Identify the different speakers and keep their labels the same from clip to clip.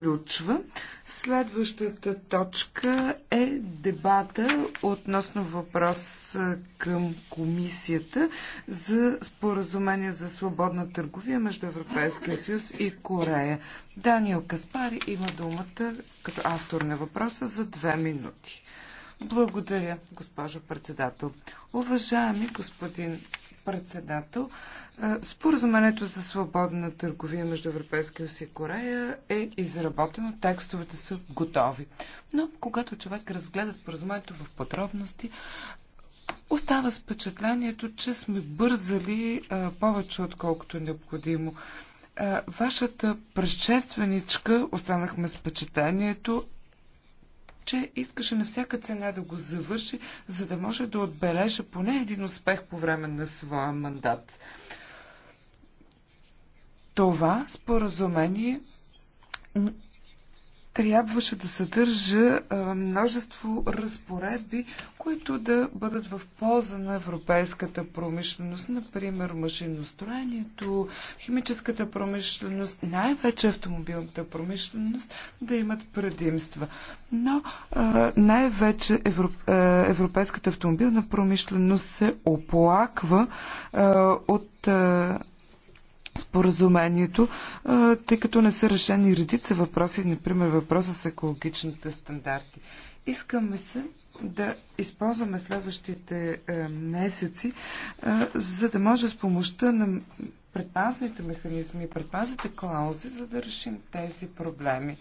Speaker 1: приключва. Следващата точка е дебата относно въпрос към комисията за споразумение за свободна търговия между Европейския съюз и Корея. Даниел Каспари има думата като автор на въпроса за две минути. Благодаря, госпожо председател. Уважаеми господин председател, споразумението за свободна търговия между Европейския съюз и Корея е изработено, текстовете са готови. Но когато човек разгледа споразумението в подробности, остава с впечатлението, че сме бързали а, повече отколкото е необходимо. А, вашата предшественичка, останахме с впечатлението, че искаше на всяка цена да го завърши, за да може да отбележа поне един успех по време на своя мандат. Това споразумение трябваше да съдържа множество разпоредби, които да бъдат в полза на европейската промишленост, например машиностроението, химическата промишленост, най-вече автомобилната промишленост, да имат предимства. Но най-вече европейската автомобилна промишленост се оплаква от споразумението, тъй като не са решени редица въпроси, например въпроса с екологичните стандарти. Искаме се да използваме следващите е, месеци, е, за да може с помощта на предпазните механизми, предпазните клаузи, за да решим тези проблеми.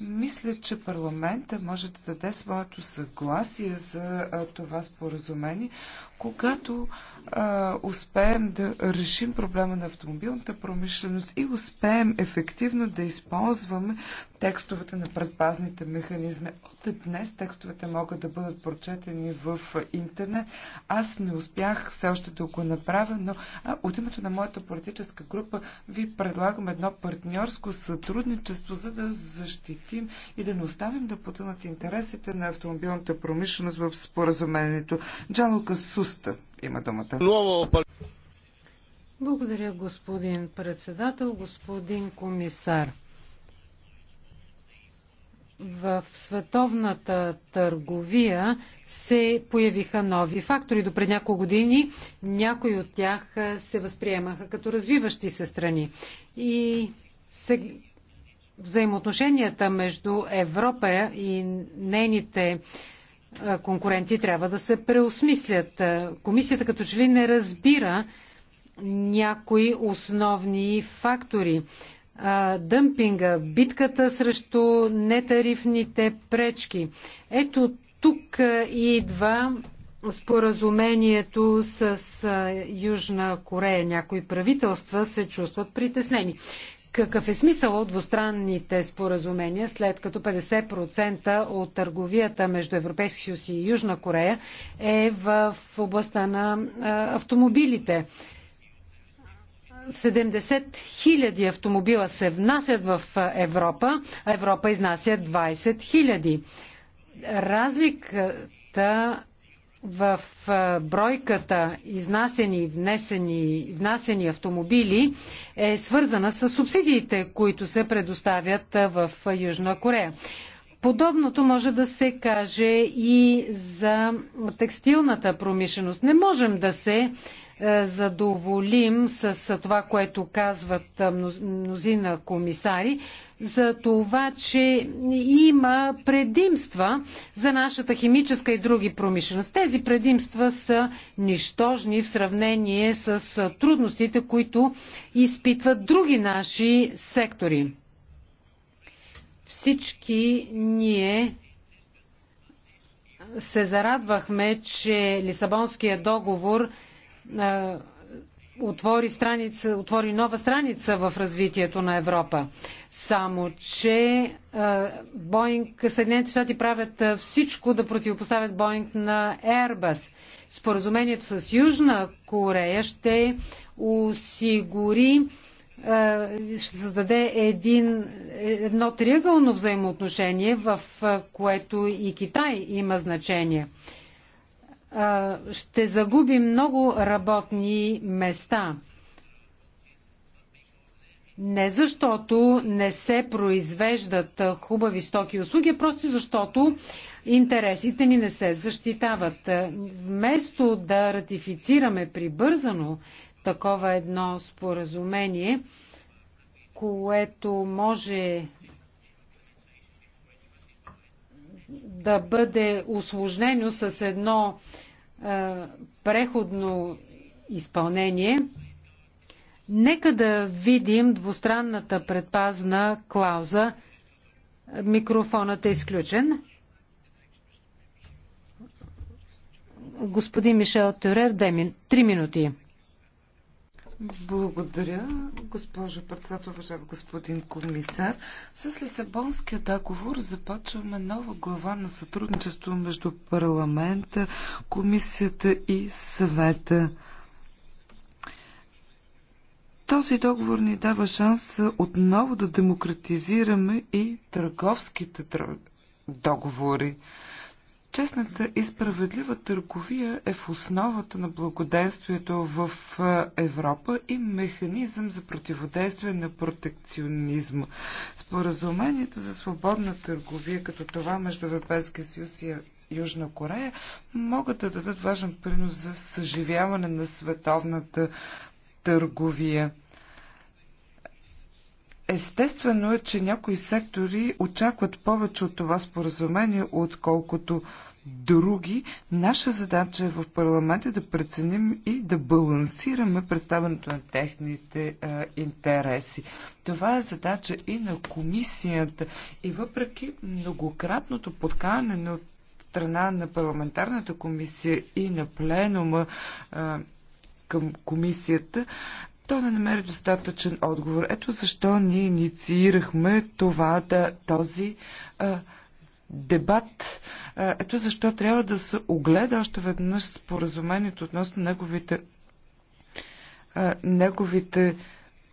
Speaker 1: Мисля, че парламента може да даде своето съгласие за е, това споразумение, когато а, успеем да решим проблема на автомобилната промишленост и успеем ефективно да използваме текстовете на предпазните механизми. От днес текстовете могат да бъдат прочетени в интернет. Аз не успях все още да го направя, но а, от името на моята политическа група ви предлагам едно партньорско сътрудничество, за да защитим и да не оставим да потънат интересите на автомобилната промишленост в споразумението. Джалука Суста има думата.
Speaker 2: Благодаря, господин председател, господин комисар в световната търговия се появиха нови фактори. До пред няколко години някои от тях се възприемаха като развиващи се страни. И се... взаимоотношенията между Европа и нейните конкуренти трябва да се преосмислят. Комисията като че ли не разбира някои основни фактори дъмпинга, битката срещу нетарифните пречки. Ето тук идва споразумението с Южна Корея. Някои правителства се чувстват притеснени. Какъв е смисъл от двустранните споразумения, след като 50% от търговията между Европейски съюз и Южна Корея е в областта на автомобилите? 70 хиляди автомобила се внасят в Европа, а Европа изнася 20 хиляди. Разликата в бройката изнасени и внесени, внасени автомобили е свързана с субсидиите, които се предоставят в Южна Корея. Подобното може да се каже и за текстилната промишленост. Не можем да се е, задоволим с това, което казват е, мнозина комисари, за това, че има предимства за нашата химическа и други промишленост. Тези предимства са нищожни в сравнение с трудностите, които изпитват други наши сектори. Всички ние се зарадвахме, че Лисабонския договор – отвори, страница, отвори нова страница в развитието на Европа. Само, че Боинг, Съединените щати правят всичко да противопоставят Боинг на Airbus. Споразумението с Южна Корея ще осигури ще създаде един, едно триъгълно взаимоотношение, в което и Китай има значение ще загуби много работни места. Не защото не се произвеждат хубави стоки и услуги, просто защото интересите ни не се защитават. Вместо да ратифицираме прибързано такова едно споразумение, което може да бъде осложнено с едно е, преходно изпълнение. Нека да видим двустранната предпазна клауза. Микрофонът е изключен. Господин Мишел Тюрер, три минути.
Speaker 1: Благодаря, госпожо председател, уважаем господин комисар. С Лисабонския договор започваме нова глава на сътрудничество между парламента, комисията и съвета. Този договор ни дава шанс отново да демократизираме и търговските договори. Честната и справедлива търговия е в основата на благоденствието в Европа и механизъм за противодействие на протекционизма. Споразумението за свободна търговия, като това между Европейския съюз и Южна Корея, могат да дадат важен принос за съживяване на световната търговия. Естествено е, че някои сектори очакват повече от това споразумение, отколкото други. Наша задача е в парламента да преценим и да балансираме представенето на техните а, интереси. Това е задача и на комисията. И въпреки многократното подкане на страна на парламентарната комисия и на пленума а, към комисията, то не намери достатъчен отговор. Ето защо ние инициирахме това да този а, дебат. Ето защо трябва да се огледа още веднъж споразумението относно неговите, неговите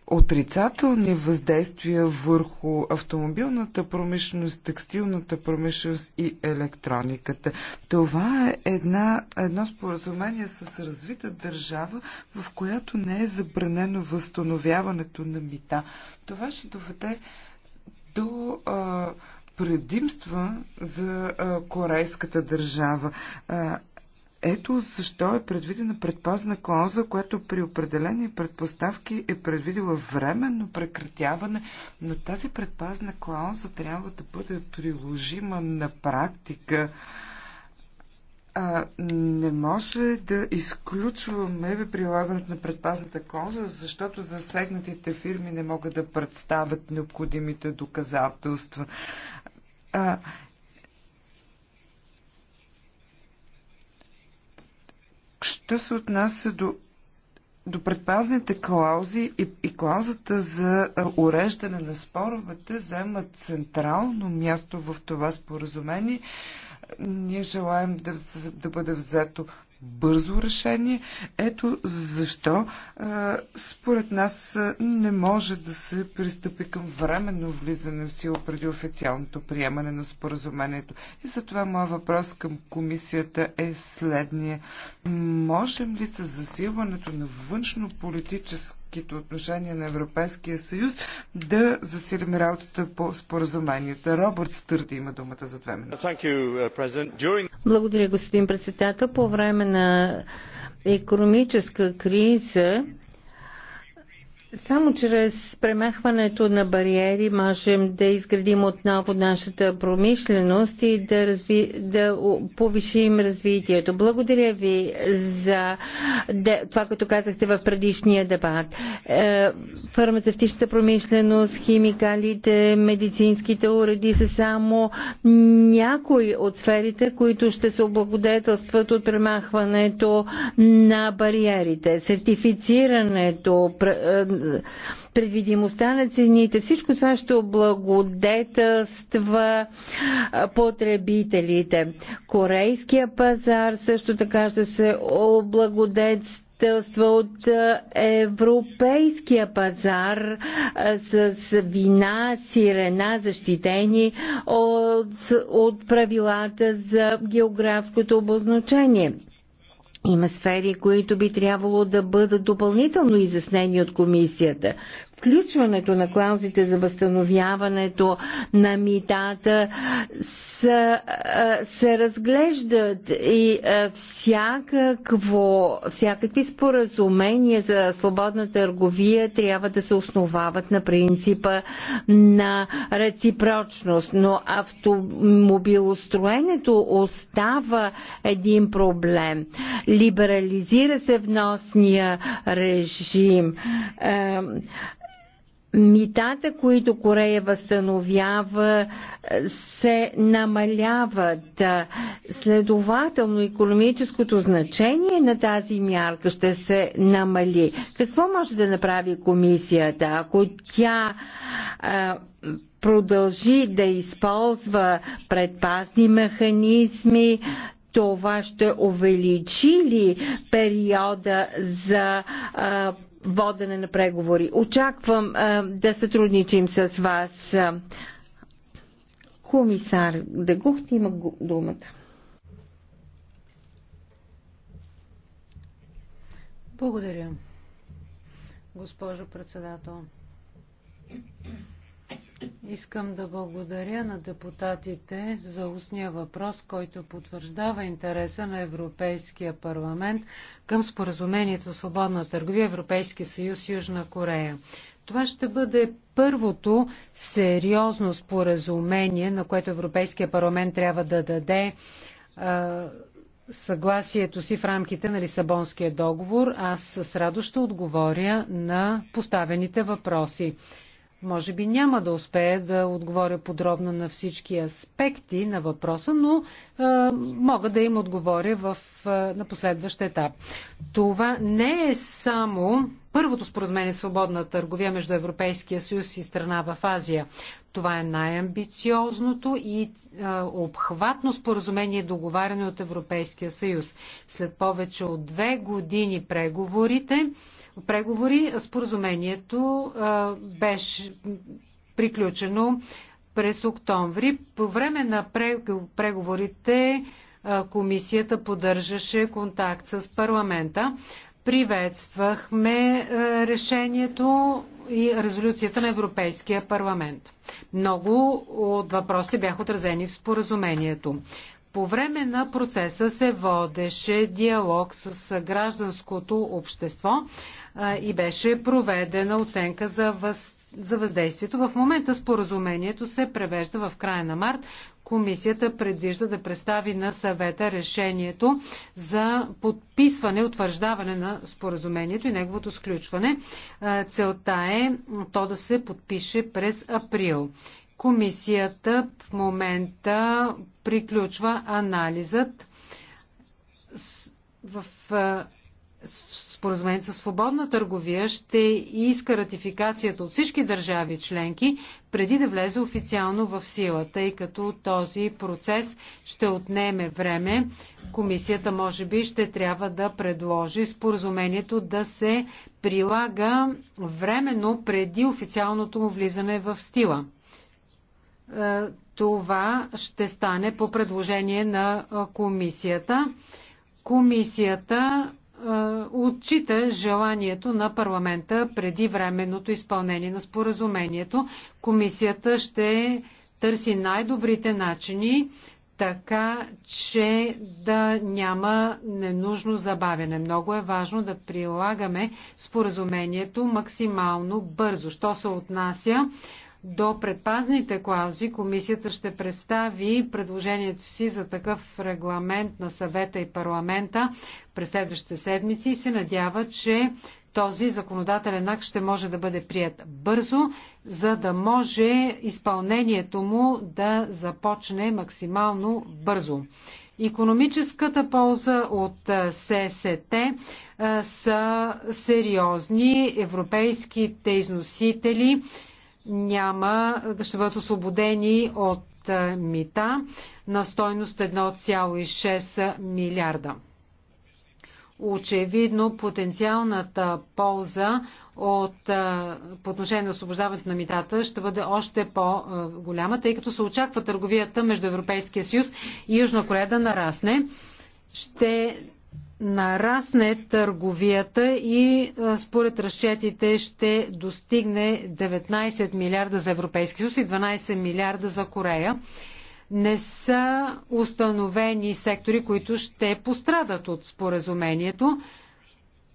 Speaker 1: отрицателни въздействия върху автомобилната промишленост, текстилната промишленост и електрониката. Това е една, едно споразумение с развита държава, в която не е забранено възстановяването на мита. Това ще доведе до а, предимства за корейската държава. Ето защо е предвидена предпазна клауза, която при определени предпоставки е предвидила временно прекратяване, но тази предпазна клауза трябва да бъде приложима на практика а, не може да изключваме прилагането на предпазната клауза, защото засегнатите фирми не могат да представят необходимите доказателства. А, що се отнася до до предпазните клаузи и, и клаузата за уреждане на споровете заемат централно място в това споразумение. Ние желаем да, да бъде взето бързо решение. Ето защо а, според нас не може да се пристъпи към временно влизане в сила преди официалното приемане на споразумението. И затова моят въпрос към комисията е следния. Можем ли с засилването на външно-политическа политическите отношения на Европейския съюз да засилим работата по споразуменията. Робърт Стърди има думата за две минути. Uh, Благодаря,
Speaker 3: господин председател. По време на економическа криза само чрез премахването на бариери можем да изградим отново нашата промишленост и да, разви... да повишим развитието. Благодаря ви за това, което казахте в предишния дебат. Е, фармацевтичната промишленост, химикалите, медицинските уреди са само някои от сферите, които ще се облагодетелстват от премахването на бариерите. Сертифицирането, е, предвидимостта на цените. Всичко това ще облагодетелства потребителите. Корейския пазар също така ще се облагодетелства от европейския пазар с вина, сирена, защитени от, от правилата за географското обозначение. Има сфери, които би трябвало да бъдат допълнително изяснени от комисията включването на клаузите за възстановяването на митата са, се разглеждат и всякакво, всякакви споразумения за свободна търговия трябва да се основават на принципа на реципрочност. Но автомобилостроенето остава един проблем. Либерализира се вносния режим митата, които Корея възстановява, се намаляват. Следователно, економическото значение на тази мярка ще се намали. Какво може да направи комисията, ако тя продължи да използва предпазни механизми, това ще увеличи ли периода за а, водене на преговори. Очаквам да сътрудничим с вас. Комисар Дегухт има думата.
Speaker 2: Благодаря, госпожо председател. Искам да благодаря на депутатите за устния въпрос, който потвърждава интереса на Европейския парламент към споразумението за свободна търговия Европейски съюз Южна Корея. Това ще бъде първото сериозно споразумение, на което Европейския парламент трябва да даде а, съгласието си в рамките на Лисабонския договор. Аз с радост ще отговоря на поставените въпроси. Може би няма да успея да отговоря подробно на всички аспекти на въпроса, но мога да им отговоря в, на последващ етап. Това не е само първото споразумение свободна търговия между Европейския съюз и страна в Азия. Това е най-амбициозното и а, обхватно споразумение договаряне от Европейския съюз. След повече от две години преговорите, преговори споразумението а, беше приключено през октомври. По време на преговорите комисията поддържаше контакт с парламента. Приветствахме решението и резолюцията на Европейския парламент. Много от въпросите бяха отразени в споразумението. По време на процеса се водеше диалог с гражданското общество и беше проведена оценка за въз за въздействието. В момента споразумението се превежда в края на март. Комисията предвижда да представи на съвета решението за подписване, утвърждаване на споразумението и неговото сключване. Е, целта е то да се подпише през април. Комисията в момента приключва анализът в е, споразумението за свободна търговия ще иска ратификацията от всички държави членки преди да влезе официално в сила, тъй като този процес ще отнеме време. Комисията може би ще трябва да предложи споразумението да се прилага временно преди официалното му влизане в стила. Е, това ще стане по предложение на е, комисията. Комисията отчита желанието на парламента преди временното изпълнение на споразумението. Комисията ще търси най-добрите начини, така че да няма ненужно забавяне. Много е важно да прилагаме споразумението максимално бързо. Що се отнася до предпазните клаузи, комисията ще представи предложението си за такъв регламент на съвета и парламента през следващите седмици и се надява, че този законодателен акт ще може да бъде прият бързо, за да може изпълнението му да започне максимално бързо. Економическата полза от ССТ са сериозни. Европейските износители няма, ще бъдат освободени от е, мита на стойност 1,6 милиарда. Очевидно, потенциалната полза от, е, по отношение на освобождаването на митата ще бъде още по-голяма, тъй като се очаква търговията между Европейския съюз и Южна Корея да нарасне. Ще нарасне търговията и според разчетите ще достигне 19 милиарда за Европейски съюз и 12 милиарда за Корея. Не са установени сектори, които ще пострадат от споразумението.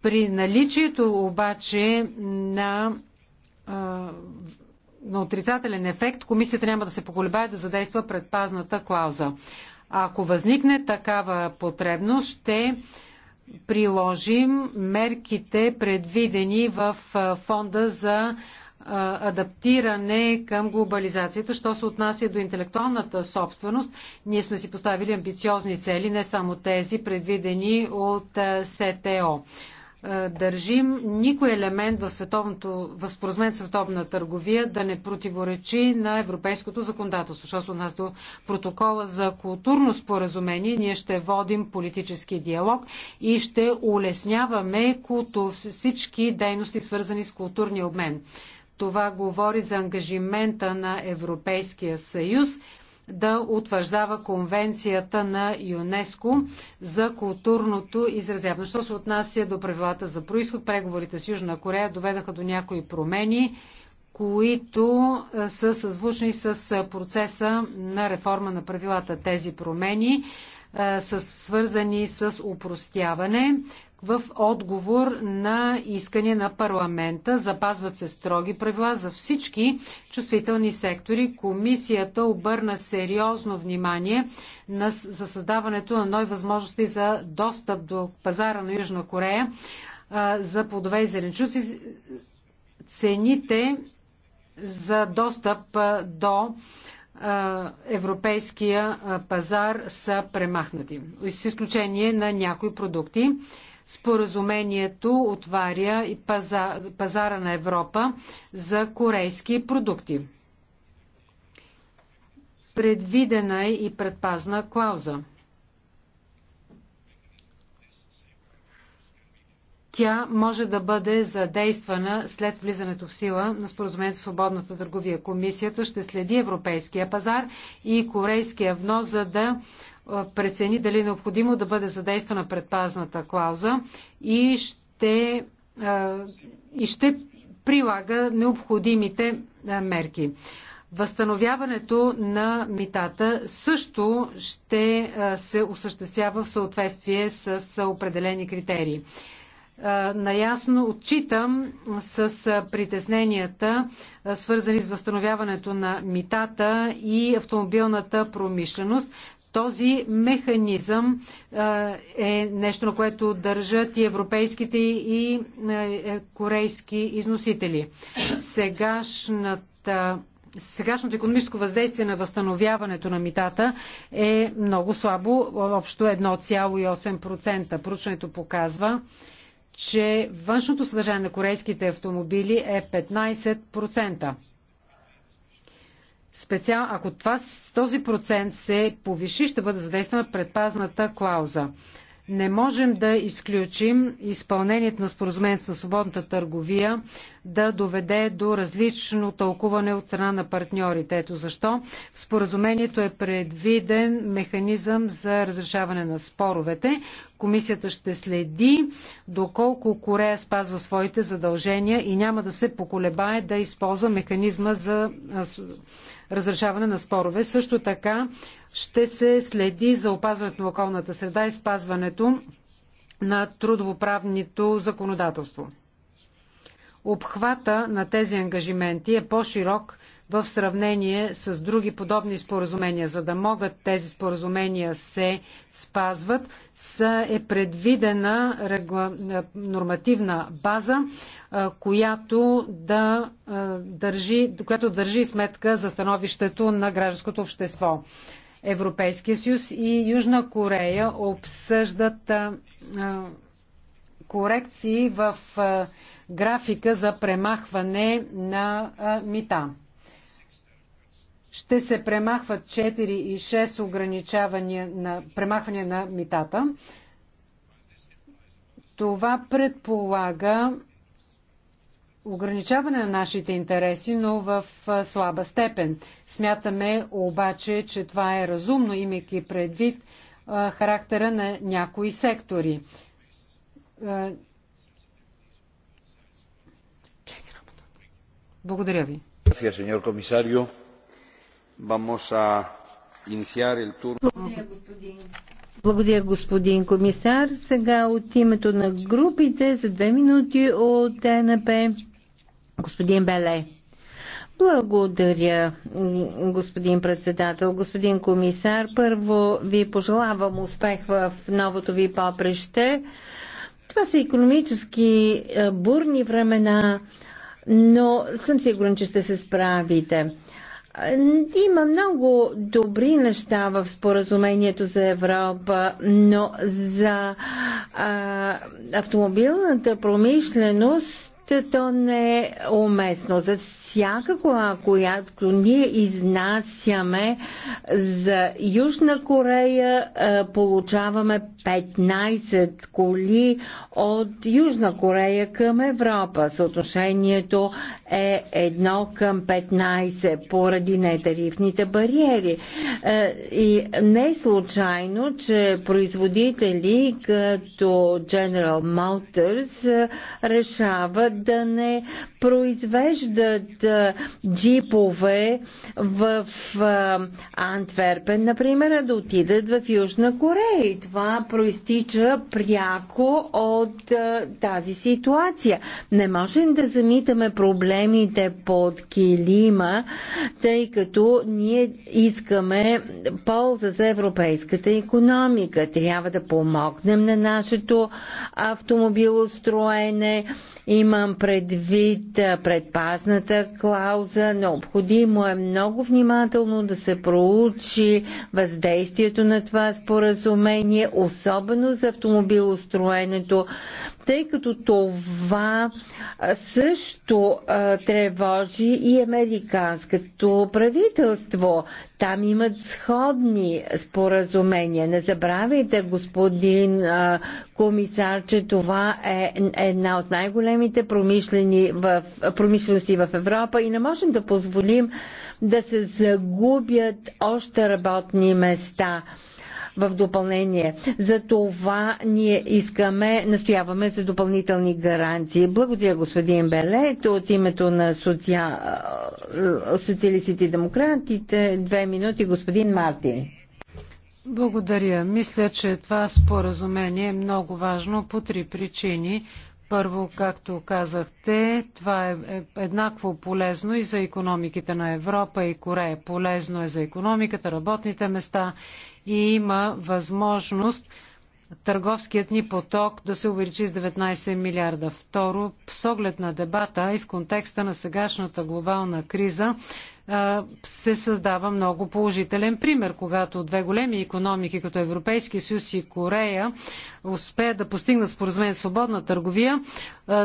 Speaker 2: При наличието обаче на, на отрицателен ефект, комисията няма да се поколебае да задейства предпазната клауза. Ако възникне такава потребност, ще приложим мерките предвидени в фонда за адаптиране към глобализацията. Що се отнася до интелектуалната собственост, ние сме си поставили амбициозни цели, не само тези предвидени от СТО. Е, държим никой елемент в, световното, в споразумението световна търговия да не противоречи на европейското законодателство. Защото у нас до протокола за културно споразумение, ние ще водим политически диалог и ще улесняваме култу, всички дейности, свързани с културния обмен. Това говори за ангажимента на Европейския съюз да утвърждава конвенцията на ЮНЕСКО за културното изразяване. Що се отнася до правилата за происход, преговорите с Южна Корея доведаха до някои промени, които е, са съзвучни с е, процеса на реформа на правилата. Тези промени е, са свързани с упростяване, в отговор на искане на парламента. Запазват се строги правила за всички чувствителни сектори. Комисията обърна сериозно внимание на, за създаването на нови възможности за достъп до пазара на Южна Корея а, за плодове и зеленчуци. Цените за достъп а, до европейския пазар са премахнати, с изключение на някои продукти. Споразумението отваря и пазара на Европа за корейски продукти. Предвидена е и предпазна клауза. Тя може да бъде задействана след влизането в сила на споразумението за свободната търговия. Комисията ще следи европейския пазар и корейския внос, за да прецени дали е необходимо да бъде задействана предпазната клауза и ще, и ще прилага необходимите мерки. Възстановяването на митата също ще се осъществява в съответствие с определени критерии. Наясно отчитам с притесненията, свързани с възстановяването на митата и автомобилната промишленост. Този механизъм е нещо, на което държат и европейските и е, корейски износители. Сегашната сегашното економическо въздействие на възстановяването на митата е много слабо, общо 1,8%. Проучването показва, че външното съдържание на корейските автомобили е 15%. Специал, ако това, този процент се повиши, ще бъде задействана предпазната клауза. Не можем да изключим изпълнението на споразумението на свободната търговия да доведе до различно тълкуване от страна на партньорите. Ето защо в споразумението е предвиден механизъм за разрешаване на споровете. Комисията ще следи доколко Корея спазва своите задължения и няма да се поколебае да използва механизма за разрешаване на спорове. Също така ще се следи за опазването на околната среда и спазването на трудовоправнито законодателство. Обхвата на тези ангажименти е по-широк в сравнение с други подобни споразумения. За да могат тези споразумения се спазват, е предвидена е, нормативна база, е, която да е, държи, която държи сметка за становището на гражданското общество. Европейския съюз и Южна Корея обсъждат корекции в графика за премахване на мита ще се премахват 4 и 6 ограничавания на премахване на митата. Това предполага ограничаване на нашите интереси, но в слаба степен. Смятаме обаче, че това е разумно, имайки предвид характера на някои сектори.
Speaker 3: Благодаря ви.
Speaker 1: Vamos a iniciar el turno.
Speaker 3: Благодаря, господин комисар. Сега от името на групите за две минути от ЕНП господин Беле. Благодаря, господин председател, господин комисар. Първо ви пожелавам успех в новото ви попреще. Това са економически е, бурни времена, но съм сигурен, че ще се справите. Е, има много добри неща в споразумението за Европа, но за а, автомобилната промишленост то не е уместно. За всяка кола, която ние изнасяме за Южна Корея, е, получаваме 15 коли от Южна Корея към Европа. Съотношението е 1 към 15 поради нетарифните бариери. Е, и не е случайно, че производители като General Motors е, решават да не произвеждат джипове в Антверпен, например, а да отидат в Южна Корея. И това проистича пряко от тази ситуация. Не можем да замитаме проблемите под килима, тъй като ние искаме полза за европейската економика. Трябва да помогнем на нашето автомобилостроене Имам предвид предпазната клауза. Необходимо е много внимателно да се проучи въздействието на това споразумение, особено за автомобилостроенето, тъй като това също тревожи и американското правителство. Там имат сходни споразумения. Не забравяйте, господин комисар, че това е една от най-големите промишлености в Европа и не можем да позволим да се загубят още работни места в допълнение. За това ние искаме, настояваме за допълнителни гаранции. Благодаря господин Белет от името на социалистите и демократите. Две минути господин Мартин.
Speaker 2: Благодаря. Мисля, че това споразумение е много важно по три причини. Първо, както казахте, това е, е еднакво полезно и за економиките на Европа и Корея. Е полезно е за економиката, работните места и има възможност търговският ни поток да се увеличи с 19 милиарда. Второ, с оглед на дебата и в контекста на сегашната глобална криза, се създава много положителен пример. Когато две големи економики, като Европейски съюз и Корея, успеят да постигнат споразумение свободна търговия,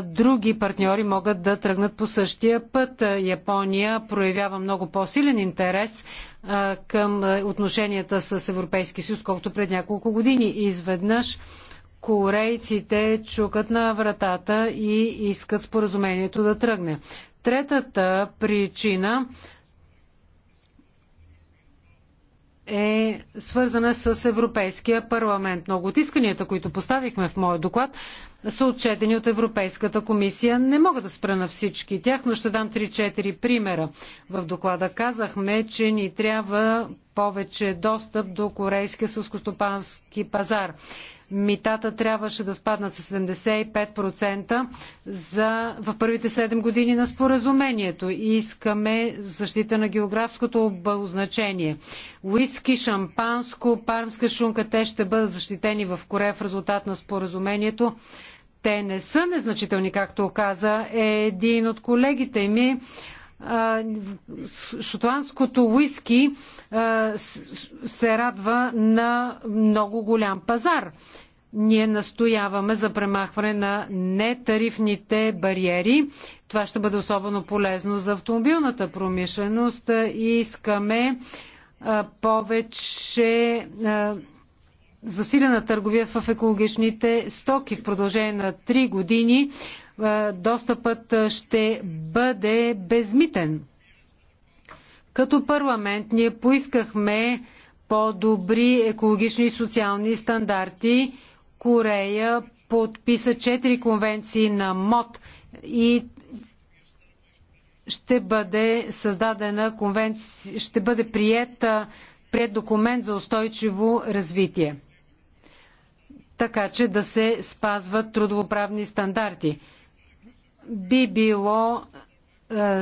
Speaker 2: други партньори могат да тръгнат по същия път. Япония проявява много по-силен интерес към отношенията с Европейски съюз, колкото пред няколко години. Изведнъж корейците чукат на вратата и искат споразумението да тръгне. Третата причина е свързана с Европейския парламент. Много от исканията, които поставихме в моя доклад, са отчетени от Европейската комисия. Не мога да спра на всички тях, но ще дам 3-4 примера. В доклада казахме, че ни трябва повече достъп до корейския сълскостопански пазар митата трябваше да спаднат с 75% за, в първите 7 години на споразумението. И искаме защита на географското обозначение. Уиски, шампанско, пармска шунка, те ще бъдат защитени в Корея в резултат на споразумението. Те не са незначителни, както каза един от колегите ми шотландското уиски се радва на много голям пазар. Ние настояваме за премахване на нетарифните бариери. Това ще бъде особено полезно за автомобилната промишленост и искаме повече засилена търговия в екологичните стоки. В продължение на 3 години е, достъпът е, ще бъде безмитен. Като парламент ние поискахме по-добри екологични и социални стандарти. Корея подписа четири конвенции на МОД и ще бъде създадена конвенция, ще бъде прият, е, прият документ за устойчиво развитие. Така че да се спазват трудовоправни стандарти би било е,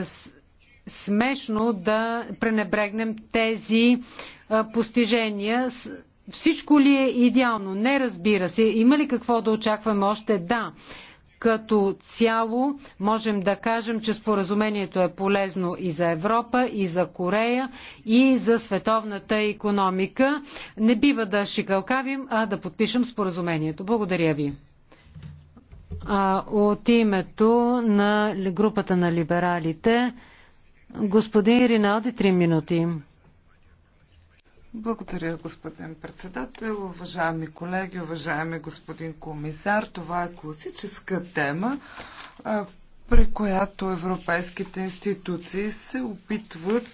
Speaker 2: смешно да пренебрегнем тези е, постижения. Всичко ли е идеално? Не, разбира се. Има ли какво да очакваме още? Да. Като цяло можем да кажем, че споразумението е полезно и за Европа, и за Корея, и за световната економика. Не бива да шикалкавим, а да подпишем споразумението. Благодаря ви. А от името на групата на либералите, господин Риналди, три минути.
Speaker 1: Благодаря, господин председател, уважаеми колеги, уважаеми господин комисар. Това е класическа тема, при която европейските институции се опитват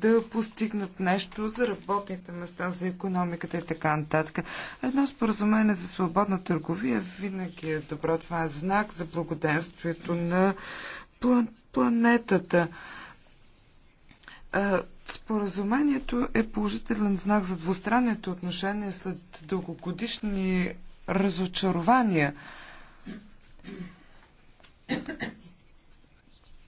Speaker 1: да постигнат нещо за работните места, за економиката и така нататък. Едно споразумение за свободна търговия винаги е добро. Това е знак за благоденствието на планетата. Споразумението е положителен знак за двустранните отношения след дългогодишни разочарования.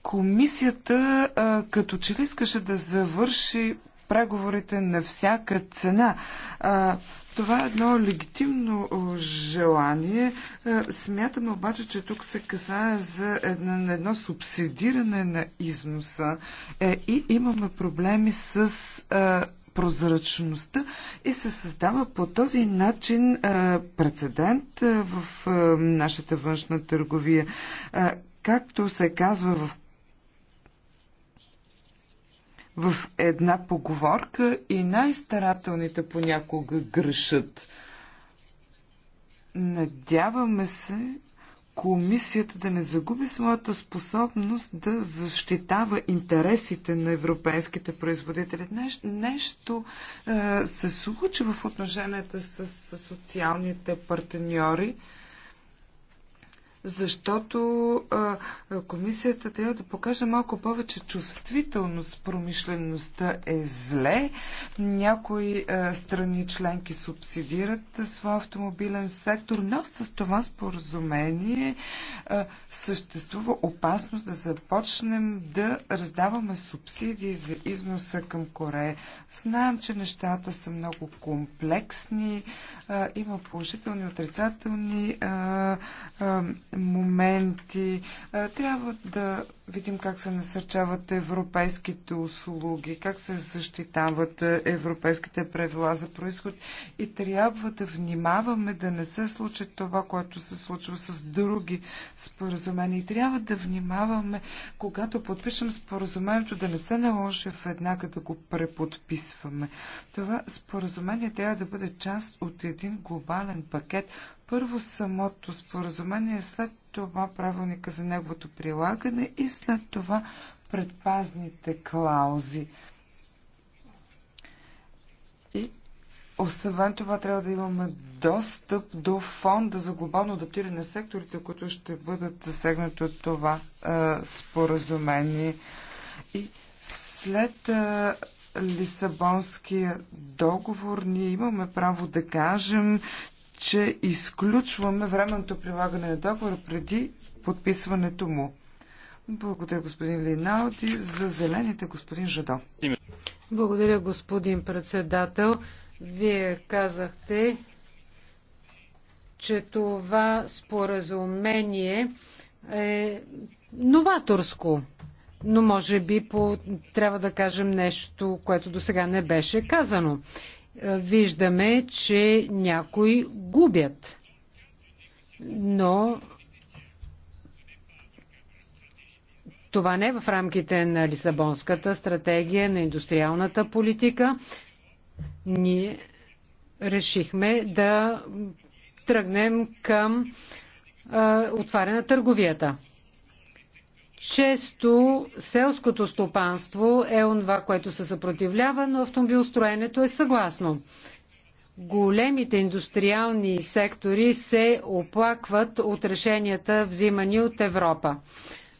Speaker 1: Комисията а, като че ли искаше да завърши преговорите на всяка цена. А, това е едно легитимно желание. Смятаме обаче, че тук се касае за едно, едно субсидиране на износа е, и имаме проблеми с прозрачността и се създава по този начин прецедент в нашата външна търговия. Както се казва в в една поговорка и най-старателните понякога грешат. Надяваме се комисията да не загуби своята способност да защитава интересите на европейските производители. Нещо, нещо е, се случи в отношенията с, с социалните партньори защото а, комисията трябва да покаже малко повече чувствителност. Промишлеността е зле. Някои а, страни членки субсидират своя автомобилен сектор, но с това споразумение а, съществува опасност да започнем да раздаваме субсидии за износа към Корея. Знаем, че нещата са много комплексни, а, има положителни, отрицателни а, а, моменти. Е, трябва да видим как се насърчават европейските услуги, как се защитават е, европейските правила за происход и трябва да внимаваме да не се случи това, което се случва с други споразумения. И трябва да внимаваме, когато подпишем споразумението, да не се наложи веднага да го преподписваме. Това споразумение трябва да бъде част от един глобален пакет, първо самото споразумение, след това правилника за неговото прилагане и след това предпазните клаузи. И освен това трябва да имаме достъп до фонда за глобално адаптиране на секторите, които ще бъдат засегнати от това а, е, споразумение. И след а, е, Лисабонския договор ние имаме право да кажем, че изключваме временното прилагане на договора преди подписването му. Благодаря, господин Линалди. За зелените, господин Жадо. Благодаря, господин председател.
Speaker 2: Вие казахте, че това споразумение е новаторско. Но може би по... трябва да кажем нещо, което до сега не беше казано. Е, виждаме, че някои губят. Но това не е в рамките на Лисабонската стратегия, на индустриалната политика. Ние решихме да тръгнем към е, отваря на търговията. Често селското стопанство е онова, което се съпротивлява, но автомобилстроенето е съгласно. Големите индустриални сектори се оплакват от решенията, взимани от Европа.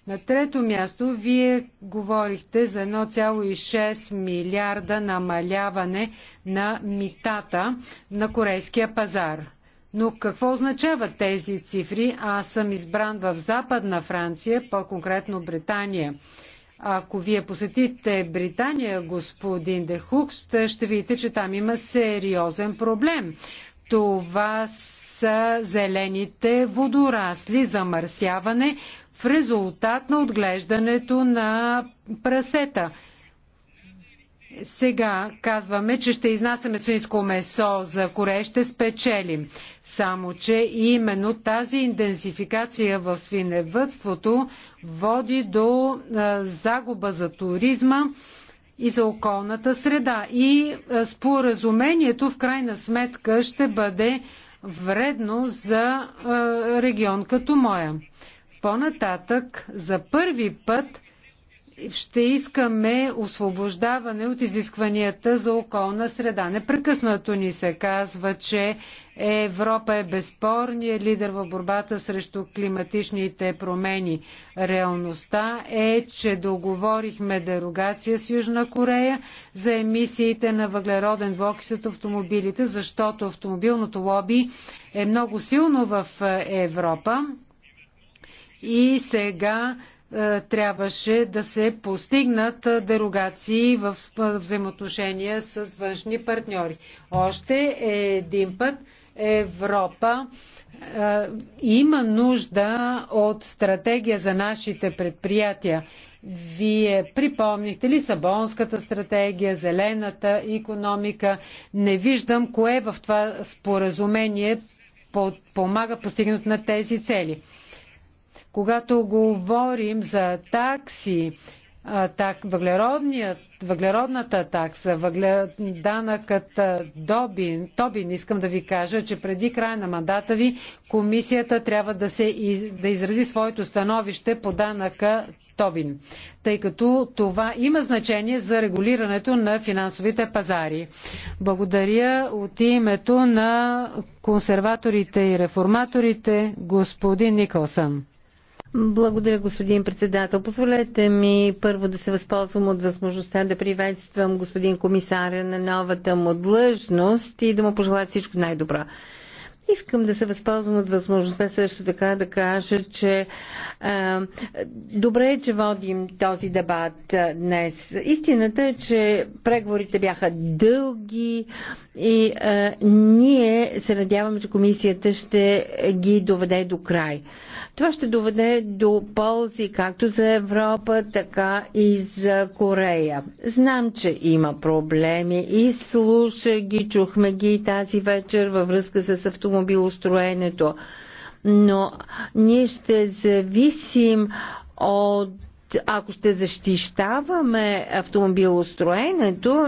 Speaker 2: На трето място, вие говорихте за 1,6 милиарда намаляване на митата на корейския пазар. Но какво означават тези цифри? Аз съм избран в Западна Франция, по-конкретно Британия. Ако вие посетите Британия, господин Дехукст, ще видите, че там има сериозен проблем. Това са зелените водорасли, замърсяване в резултат на отглеждането на прасета. Сега казваме, че ще изнасяме свинско месо за Корея, ще спечелим. Само, че именно тази интенсификация в свиневътството води до загуба за туризма и за околната среда. И споразумението в крайна сметка ще бъде вредно за регион като моя. По-нататък, за първи път, ще искаме освобождаване от изискванията за околна среда. Непрекъснато ни се казва, че Европа е безспорният лидер в борбата срещу климатичните промени. Реалността е, че договорихме дерогация с Южна Корея за емисиите на въглероден двуокис от автомобилите, защото автомобилното лоби е много силно в Европа. И сега е, трябваше да се постигнат е, дерогации в взаимоотношения с външни партньори. Още един път Европа е, има нужда от стратегия за нашите предприятия. Вие припомнихте Лисабонската стратегия, зелената економика. Не виждам кое в това споразумение помага постигнат на тези цели. Когато говорим за такси, так, въглеродната такса, въгле, данъкът Добин, Тобин, искам да ви кажа, че преди края на мандата ви комисията трябва да, се, да изрази своето становище по данъка Тобин, тъй като това има значение за регулирането на финансовите пазари. Благодаря от името на консерваторите и реформаторите господин Николсън.
Speaker 3: Благодаря, господин председател. Позволете ми първо да се възползвам от възможността да приветствам господин комисаря на новата му длъжност и да му пожелая всичко най-добро. Искам да се възползвам от възможността също така да кажа, че е, добре е, че водим този дебат днес. Истината е, че преговорите бяха дълги и е, ние се надяваме, че комисията ще ги доведе до край. Това ще доведе до ползи както за Европа, така и за Корея. Знам, че има проблеми и слуша ги, чухме ги тази вечер във връзка с автомобилостроенето. Но ние ще зависим от ако ще защищаваме автомобилостроенето,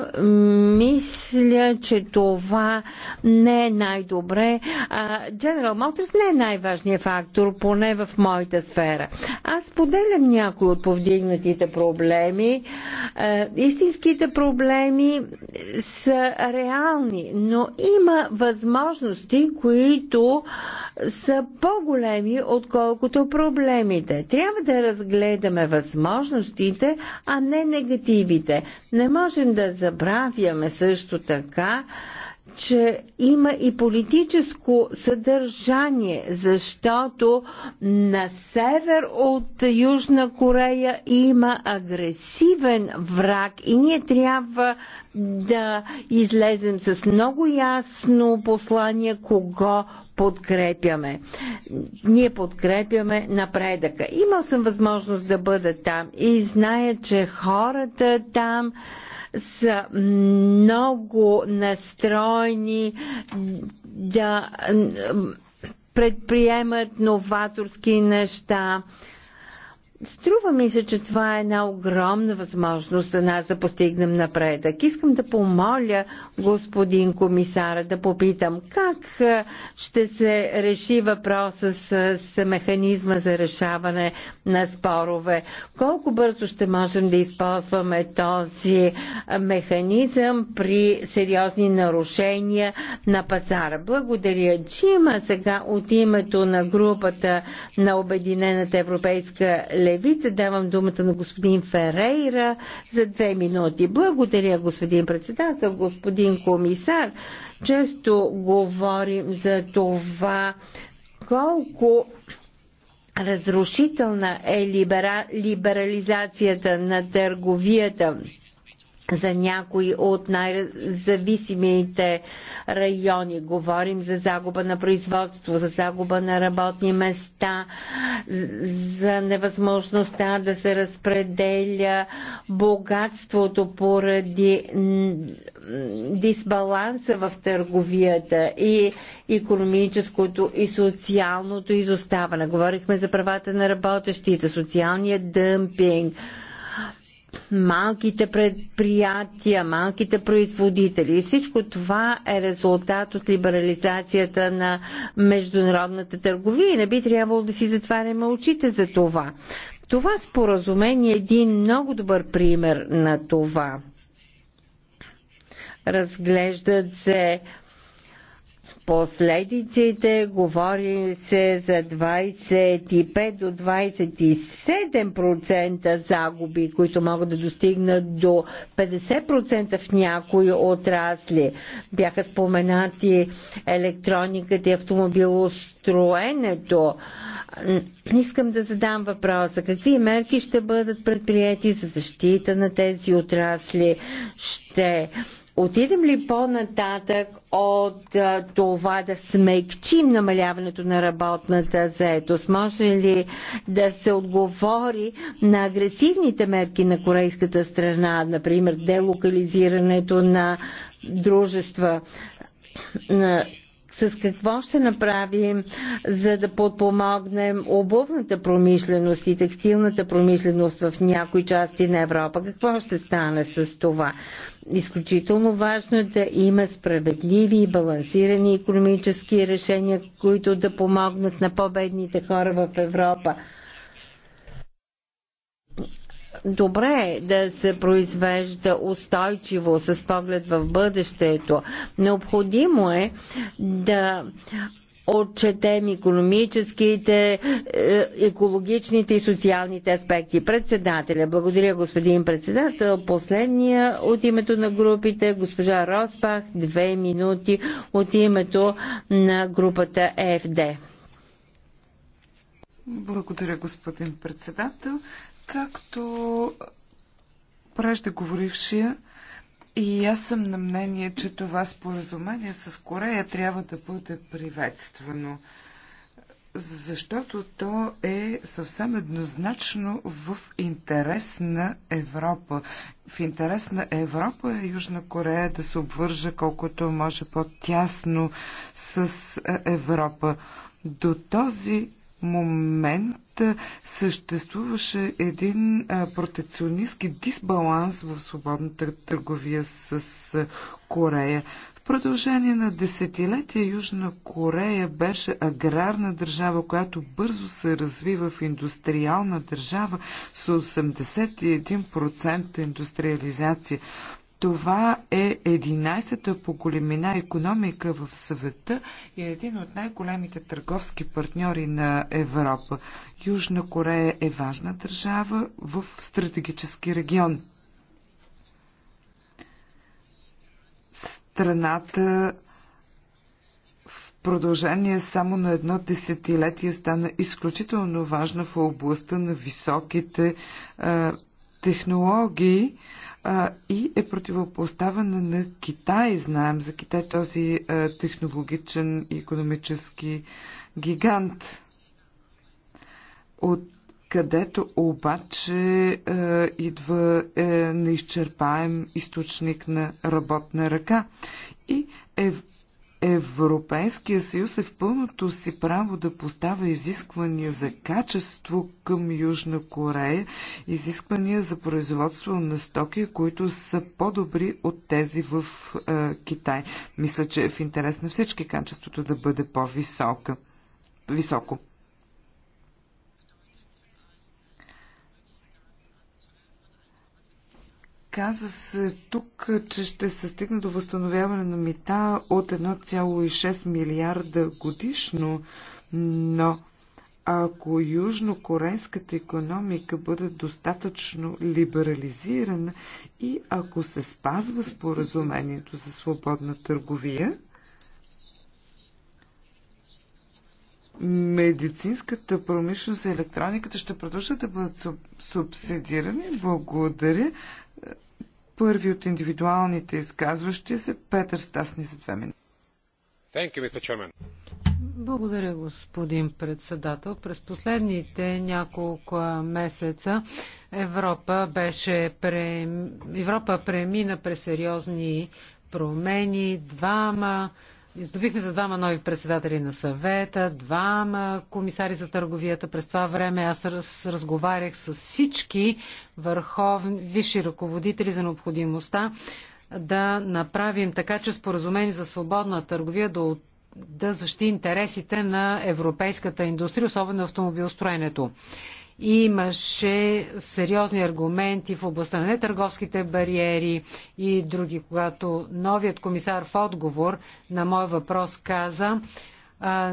Speaker 3: мисля, че това не е най-добре. General Motors не е най-важният фактор, поне в моята сфера. Аз поделям някои от повдигнатите проблеми. Е, истинските проблеми са реални, но има възможности, които са по-големи, отколкото проблемите. Трябва да разгледаме възможности възможностите, а не негативите. Не можем да забравяме също така, че има и политическо съдържание, защото на север от Южна Корея има агресивен враг и ние трябва да излезем с много ясно послание кого подкрепяме. Ние подкрепяме напредъка. Имал съм възможност да бъда там и зная, че хората там са много настроени да предприемат новаторски неща, Струва ми се, че това е една огромна възможност за нас да постигнем напредък. Искам да помоля господин комисара да попитам как е, ще се реши въпроса с, е, с механизма за решаване на спорове. Колко бързо ще можем да използваме този е, механизъм при сериозни нарушения на пазара. Благодаря, че има Сега от името на групата на Обединената европейска лекция левица. Давам думата на господин Ферейра за две минути. Благодаря, господин председател, господин комисар. Често говорим за това колко разрушителна е либера, либерализацията на търговията за някои от най-зависимите райони. Говорим за загуба на производство, за загуба на работни места, за невъзможността да се разпределя богатството поради дисбаланса в търговията и економическото и социалното изоставане. Говорихме за правата на работещите, социалния дъмпинг малките предприятия, малките производители. И всичко това е резултат от либерализацията на международната търговия и не би трябвало да си затваряме очите за това. Това споразумение е един много добър пример на това. Разглеждат се последиците. Говори се за 25 до 27% загуби, които могат да достигнат до 50% в някои отрасли. Бяха споменати електрониката и автомобилостроенето. Искам да задам въпроса. Какви мерки ще бъдат предприяти за защита на тези отрасли? Ще Отидем ли по-нататък от това да смекчим намаляването на работната заетост? Може ли да се отговори на агресивните мерки на корейската страна, например делокализирането на дружества, на с какво ще направим, за да подпомогнем обувната промишленост и текстилната промишленост в някои части на Европа? Какво ще стане с това? Изключително важно е да има справедливи и балансирани економически решения, които да помогнат на по-бедните хора в Европа добре е да се произвежда устойчиво с поглед в бъдещето. Необходимо е да отчетем економическите, е, екологичните и социалните аспекти. Председателя, благодаря господин председател. Последния от името на групите, госпожа Роспах, две минути от името на групата ЕФД.
Speaker 1: Благодаря, господин председател. Както преждеговорившия, и аз съм на мнение, че това споразумение с Корея трябва да бъде приветствано, защото то е съвсем еднозначно в интерес на Европа. В интерес на Европа е Южна Корея да се обвържа колкото може по-тясно с е, Европа. До този момент съществуваше един протекционистски дисбаланс в свободната търговия с Корея. В продължение на десетилетия Южна Корея беше аграрна държава, която бързо се развива в индустриална държава с 81% индустриализация. Това е 11-та по големина економика в света и е един от най-големите търговски партньори на Европа. Южна Корея е важна държава в стратегически регион. Страната продължение само на едно десетилетие стана изключително важна в областта на високите а, технологии. А, и е противопоставена на Китай. Знаем за Китай този технологичен и економически гигант, от където обаче идва е, неизчерпаем източник на работна ръка. И е, Европейския съюз е в пълното си право да поставя изисквания за качество към Южна Корея, изисквания за производство на стоки, които са по-добри от тези в е, Китай. Мисля, че е в интерес на всички качеството да бъде по-високо. Каза се тук, че ще се стигне до възстановяване на мита от 1,6 милиарда годишно, но ако южнокорейската економика бъде достатъчно либерализирана и ако се спазва споразумението за свободна търговия, медицинската промишленост и електрониката ще продължат да бъдат субсидирани. Благодаря. Първи от индивидуалните изказващи се Петър Стасни за две минути.
Speaker 2: Благодаря, господин председател. През последните няколко месеца Европа, беше пре... Европа премина през сериозни промени. Двама Издобихме за двама нови председатели на съвета, двама комисари за търговията. През това време аз раз, разговарях с всички върховни, висши ръководители за необходимостта да направим така, че споразумени за свободна търговия да, да защити интересите на европейската индустрия, особено автомобилстроенето имаше сериозни аргументи в областта на нетърговските бариери и други, когато новият комисар в отговор на мой въпрос каза,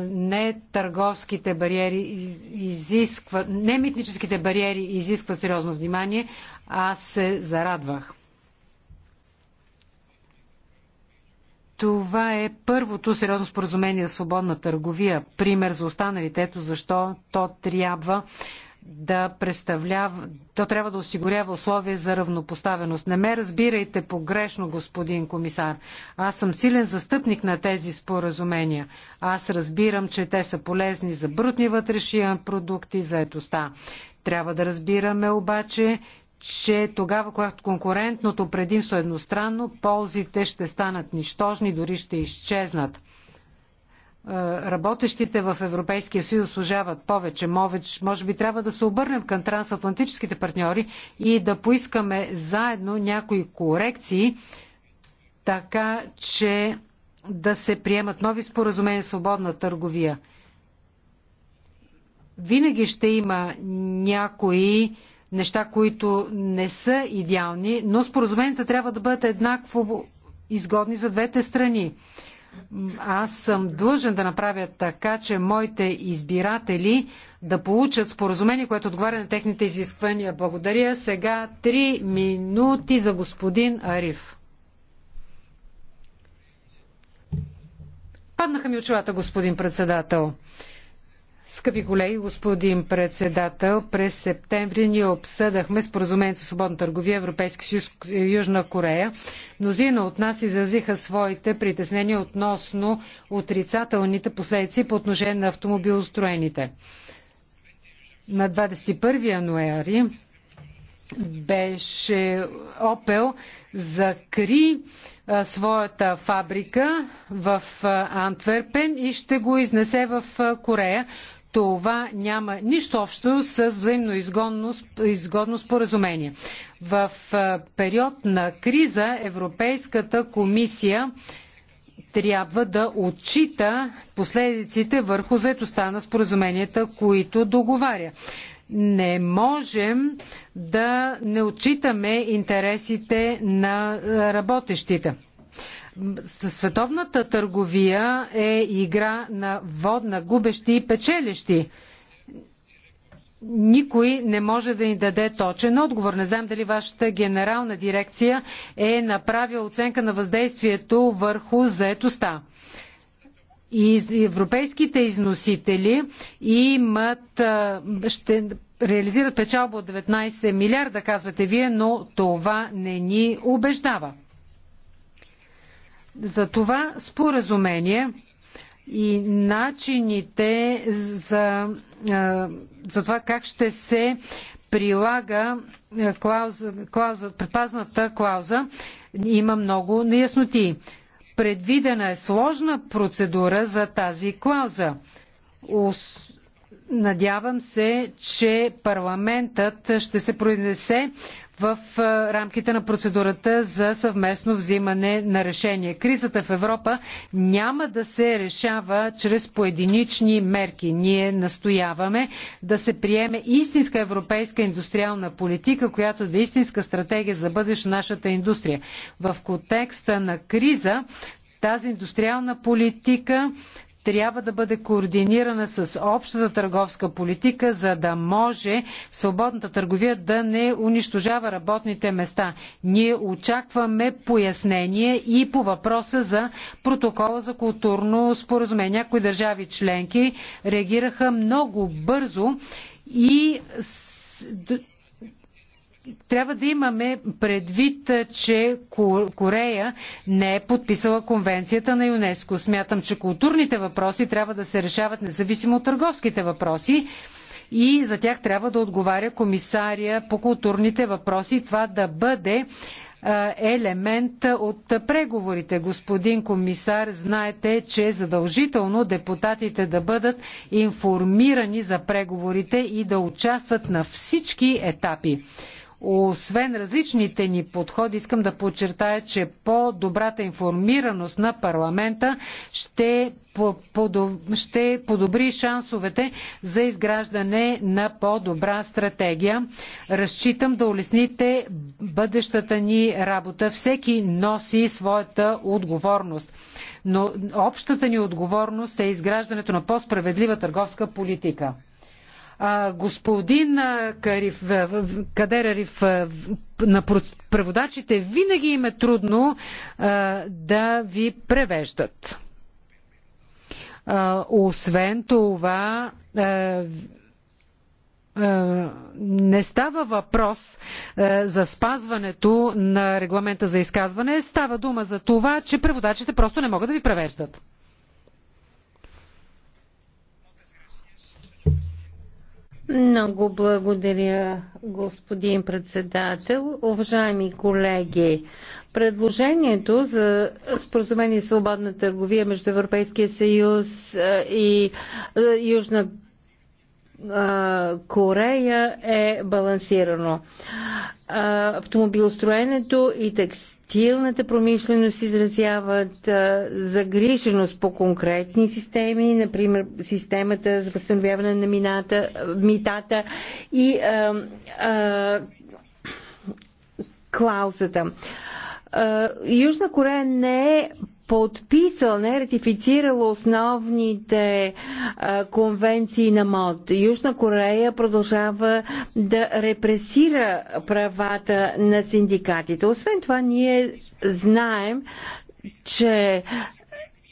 Speaker 2: не търговските бариери изисква, не митническите бариери изисква сериозно внимание, аз се зарадвах. Това е първото сериозно споразумение за свободна търговия. Пример за останалите. Ето защо то трябва да представлява, то трябва да осигурява условия за равнопоставеност. Не ме разбирайте погрешно, господин комисар. Аз съм силен застъпник на тези споразумения. Аз разбирам, че те са полезни за брутни вътрешни продукти, за етоста. Трябва да разбираме обаче, че тогава, когато конкурентното предимство е едностранно, ползите ще станат нищожни, дори ще изчезнат. Е, работещите в Европейския съюз заслужават повече, мовеч, може би трябва да се обърнем към трансатлантическите партньори и да поискаме заедно някои корекции, така че да се приемат нови споразумения свободна търговия. Винаги ще има някои неща, които не са идеални, но споразуменията трябва да бъдат еднакво изгодни за двете страни аз съм длъжен да направя така, че моите избиратели да получат споразумение, което отговаря на техните изисквания. Благодаря. Сега три минути за господин Ариф. Паднаха ми очилата, господин председател. Скъпи колеги, господин председател, през септември ние обсъдахме споразумението за свободна търговия Европейски съюз Южна Корея. Мнозина от нас изразиха своите притеснения относно отрицателните последици по отношение на автомобилостроените. На 21 януари беше Опел закри а, своята фабрика в а, Антверпен и ще го изнесе в а, Корея това няма нищо общо с взаимно изгодно, изгодно споразумение. В период на криза Европейската комисия трябва да отчита последиците върху заетостта на споразуменията, които договаря. Не можем да не отчитаме интересите на работещите. Световната търговия е игра на водна, губещи и печелещи. Никой не може да ни даде точен отговор. Не знам дали вашата генерална дирекция е направила оценка на въздействието върху заетостта и европейските износители имат, ще реализират печалба от 19 милиарда, казвате вие, но това не ни убеждава. За това споразумение и начините за, за това как ще се прилага клауза, клауза, предпазната клауза, има много неясноти. Предвидена е сложна процедура за тази клауза. Надявам се, че парламентът ще се произнесе в рамките на процедурата за съвместно взимане на решение. Кризата в Европа няма да се решава чрез поединични мерки. Ние настояваме да се приеме истинска европейска индустриална политика, която да е истинска стратегия за бъдещето нашата индустрия. В контекста на криза тази индустриална политика трябва да бъде координирана с общата търговска политика, за да може свободната търговия да не унищожава работните места. Ние очакваме пояснение и по въпроса за протокола за културно споразумение. Някои държави членки реагираха много бързо и трябва да имаме предвид, че Корея не е подписала конвенцията на ЮНЕСКО. Смятам, че културните въпроси трябва да се решават независимо от търговските въпроси и за тях трябва да отговаря комисаря по културните въпроси. Това да бъде елемент от преговорите. Господин комисар, знаете, че е задължително депутатите да бъдат информирани за преговорите и да участват на всички етапи. Освен различните ни подходи, искам да подчертая, че по-добрата информираност на парламента ще, ще подобри шансовете за изграждане на по-добра стратегия. Разчитам да улесните бъдещата ни работа. Всеки носи своята отговорност. Но общата ни отговорност е изграждането на по-справедлива търговска политика господин Кариф, Кадер Ариф, на преводачите винаги им е трудно да ви превеждат. Освен това, не става въпрос за спазването на регламента за изказване. Става дума за това, че преводачите просто не могат да ви
Speaker 3: превеждат. Много благодаря, господин председател. Уважаеми колеги, предложението за споразумение свободна търговия между Европейския съюз и Южна Корея е балансирано. Автомобилостроенето и текстилната промишленост изразяват загриженост по конкретни системи, например системата за възстановяване на мината, митата и а, а, клаузата. Южна Корея не е подписал, не е ратифицирал основните а, конвенции на МОД. Южна Корея продължава да репресира правата на синдикатите. Освен това, ние знаем, че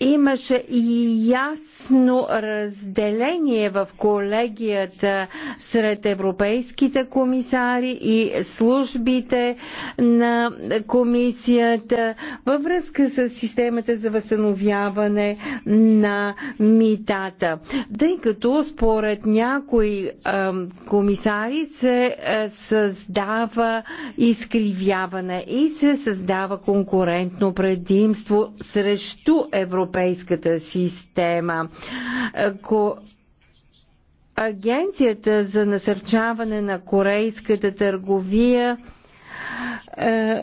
Speaker 3: имаше и ясно разделение в колегията сред европейските комисари и службите на комисията във връзка с системата за възстановяване на митата. Тъй като според някои комисари се е, създава изкривяване и се създава конкурентно предимство срещу европейските европейската система. Ако Агенцията за насърчаване на корейската търговия е,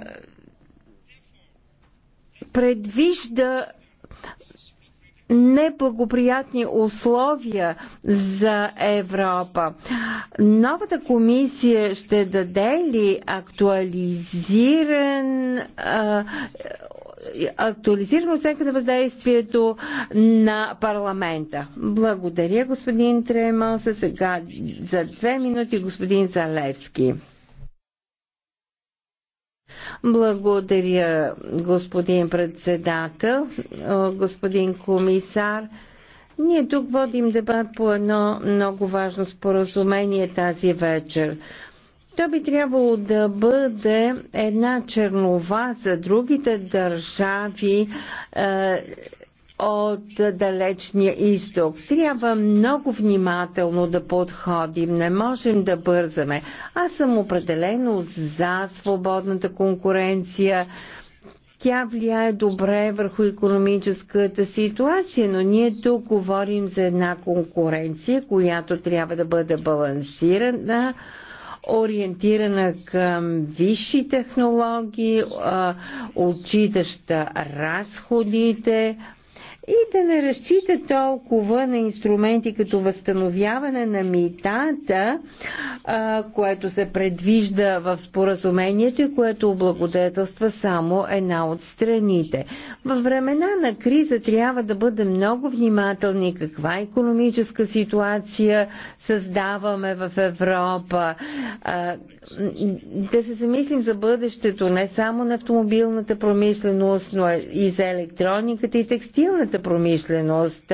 Speaker 3: предвижда неблагоприятни условия за Европа. Новата комисия ще даде ли актуализиран а, е, актуализирана оценка на въздействието на парламента. Благодаря, господин Тремоса. Сега за две минути господин Залевски. Благодаря, господин председател, господин комисар. Ние тук водим дебат по едно много важно споразумение тази вечер. То би трябвало да бъде една чернова за другите държави е, от далечния изток. Трябва много внимателно да подходим, не можем да бързаме. Аз съм определено за свободната конкуренция. Тя влияе добре върху економическата ситуация, но ние тук говорим за една конкуренция, която трябва да бъде балансирана ориентирана към висши технологии, отчитаща разходите, и да не разчита толкова на инструменти като възстановяване на митата, а, което се предвижда в споразумението и което облагодетелства само една от страните. Във времена на криза трябва да бъдем много внимателни каква економическа ситуация създаваме в Европа, а, да се замислим за бъдещето не само на автомобилната промишленост, но и за електрониката и текстилната химичната промишленост.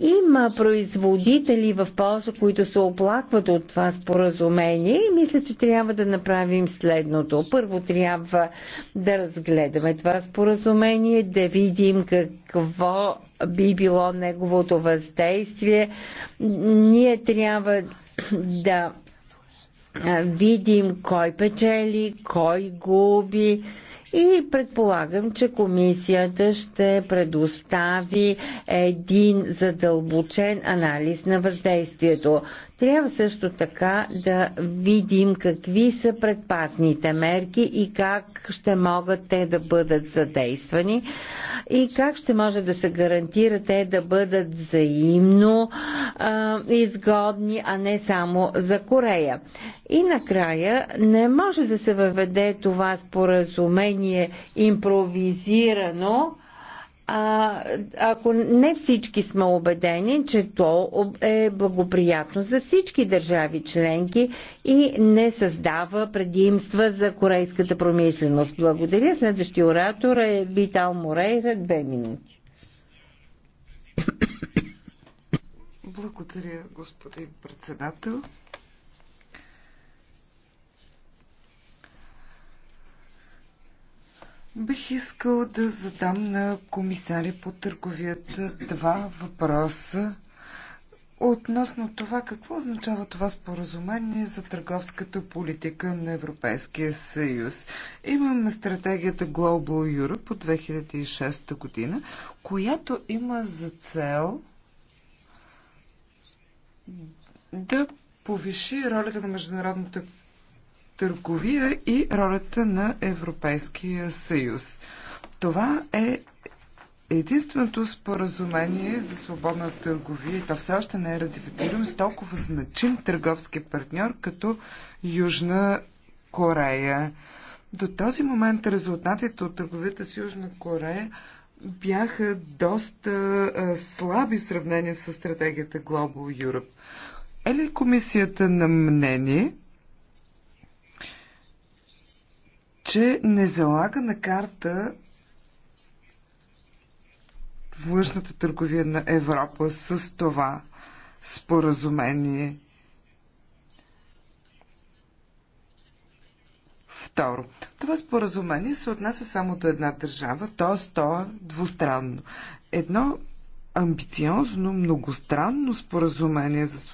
Speaker 3: Има производители в Польша, които се оплакват от това споразумение и мисля, че трябва да направим следното. Първо трябва да разгледаме това споразумение, да видим какво би било неговото въздействие. Ние трябва да видим кой печели, кой губи и предполагам, че комисията ще предостави един задълбочен анализ на въздействието. Трябва също така да видим какви са предпазните мерки и как ще могат те да бъдат задействани и как ще може да се гарантира те да бъдат взаимно а, изгодни, а не само за Корея. И накрая не може да се въведе това споразумение импровизирано, а, ако не всички сме убедени, че то е благоприятно за всички държави членки и не създава предимства за корейската промишленост. Благодаря. Следващия оратор е Витал Морейра. Две минути.
Speaker 1: Благодаря, господин председател. Бих искал да задам на комисаря по търговията два въпроса относно това какво означава това споразумение за търговската политика на Европейския съюз. Имаме стратегията Global Europe от 2006 година, която има за цел да повиши ролята на международната търговия и ролята на Европейския съюз. Това е единственото споразумение за свободна търговия, и то все още не е ратифицирано с толкова значим търговски партньор като Южна Корея. До този момент резултатите от търговията с Южна Корея бяха доста а, слаби в сравнение с стратегията Global Europe. Е ли комисията на мнение, че не залага на карта външната търговия на Европа с това споразумение. Второ, това споразумение се отнася само до една държава, т.е. то е двустранно. Едно амбициозно, многостранно споразумение за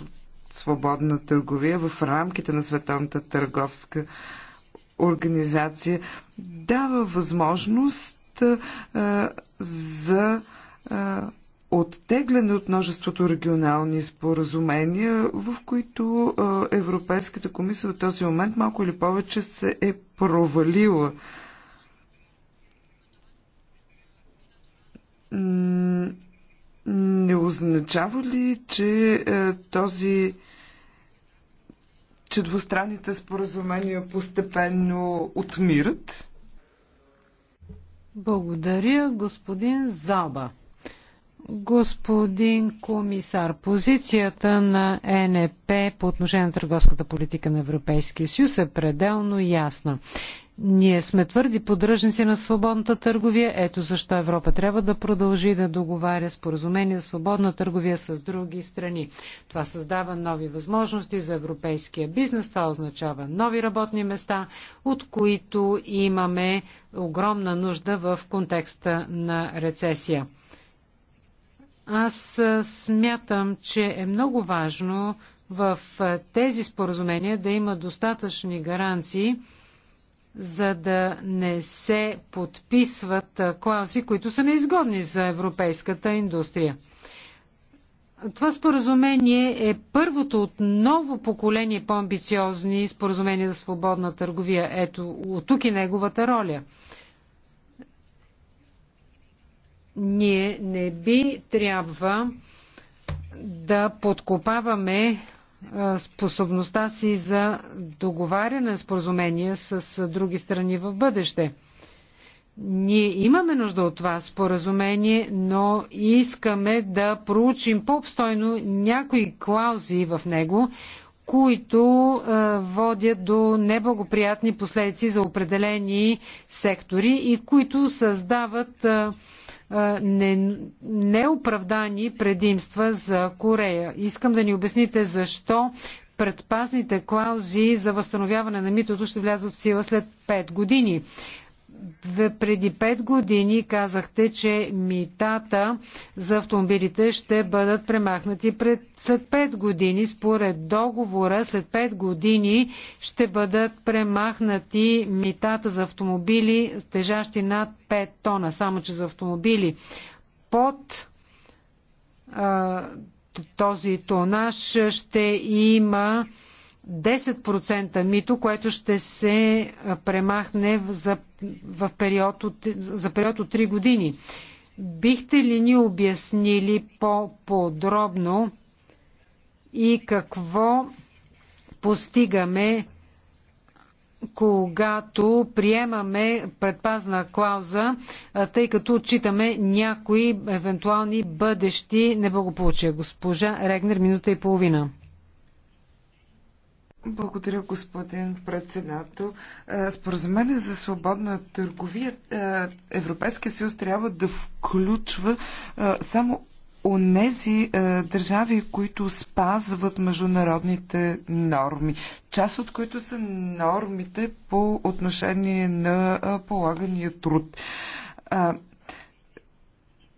Speaker 1: свободна търговия в рамките на Световната търговска организация дава възможност за оттегляне от множеството регионални споразумения, в които Европейската комисия от този момент малко или повече се е провалила. Не означава ли, че този че двустранните споразумения постепенно отмират?
Speaker 2: Благодаря, господин Заба. Господин комисар, позицията на НП по отношение на търговската политика на Европейския съюз е пределно ясна. Ние сме твърди поддръжници на свободната търговия. Ето защо Европа трябва да продължи да договаря споразумения за свободна търговия с други страни. Това създава нови възможности за европейския бизнес. Това означава нови работни места, от които имаме огромна нужда в контекста на рецесия. Аз смятам, че е много важно в тези споразумения да има достатъчни гаранции, за да не се подписват клаузи, които са неизгодни за европейската индустрия. Това споразумение е първото от ново поколение по-амбициозни споразумения за свободна търговия. Ето, от тук и неговата роля. Ние не би трябва да подкопаваме способността си за договаряне на споразумения с други страни в бъдеще. Ние имаме нужда от това споразумение, но искаме да проучим по-обстойно някои клаузи в него, които а, водят до неблагоприятни последици за определени сектори и които създават а, не, неоправдани предимства за Корея. Искам да ни обясните защо предпазните клаузи за възстановяване на митото ще влязат в сила след 5 години преди 5 години казахте, че митата за автомобилите ще бъдат премахнати пред, след 5 години. Според договора, след 5 години ще бъдат премахнати митата за автомобили, тежащи над 5 тона, само че за автомобили под а, този тонаж ще има 10% мито, което ще се премахне за, в период от, за период от 3 години. Бихте ли ни обяснили по-подробно и какво постигаме, когато приемаме предпазна клауза, тъй като отчитаме някои евентуални бъдещи неблагополучия? Госпожа Регнер, минута и половина.
Speaker 1: Благодаря, господин председател. Е, споразумение за свободна търговия е, Европейския съюз трябва да включва е, само онези държави, които спазват международните норми, част от които са нормите по отношение на полагания труд.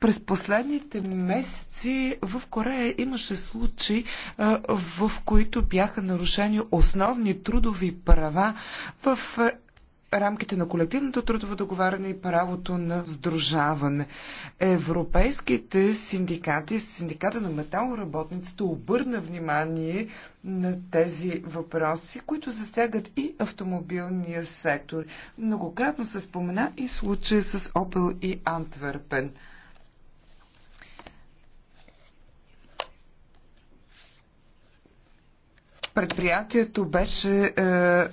Speaker 1: През последните месеци в Корея имаше случаи, е, в които бяха нарушени основни трудови права в е, рамките на колективното трудово договаряне и правото на сдружаване. Европейските синдикати, синдиката на металоработниците обърна внимание на тези въпроси, които засягат и автомобилния сектор. Многократно се спомена и случая с Опел и Антверпен. предприятието беше е, е,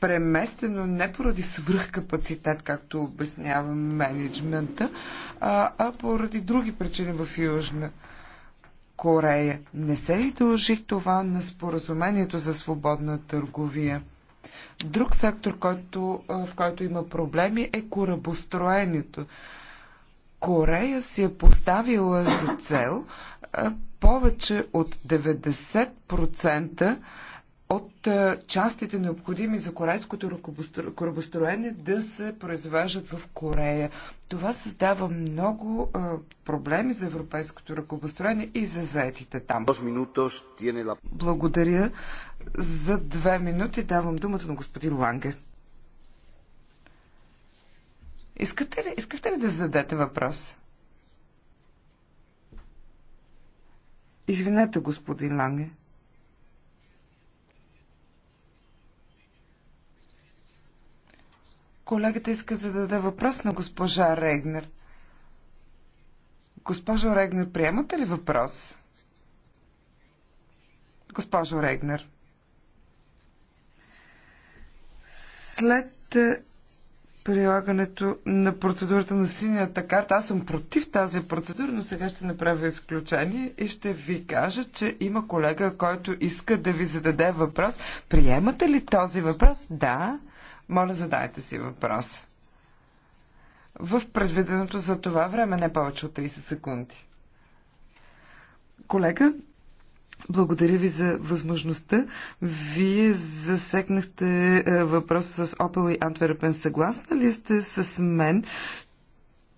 Speaker 1: преместено не поради свръхкапацитет, както обяснява менеджмента, а, а поради други причини в Южна Корея. Не се ли дължи това на споразумението за свободна търговия? Друг сектор, който, е, в който има проблеми, е корабостроението. Корея си е поставила за цел повече от 90% от частите необходими за корейското корабостроение да се произвеждат в Корея. Това създава много а, проблеми за европейското ръкобостроение и за заетите там. Благодаря. За две минути давам думата на господин Ланге. Искате ли, искахте ли да зададете въпрос? Извинете, господин Ланге. Колегата иска да даде въпрос на госпожа Регнер. Госпожо Регнер, приемате ли въпрос? Госпожо Регнер. След прилагането на процедурата на синята карта. Аз съм против тази процедура, но сега ще направя изключение и ще ви кажа, че има колега, който иска да ви зададе въпрос. Приемате ли този въпрос? Да. Моля, задайте си въпрос. В предвиденото за това време не повече от 30 секунди. Колега, благодаря ви за възможността. Вие засекнахте е, въпроса с Opel и Антверпен. Съгласна ли сте с мен,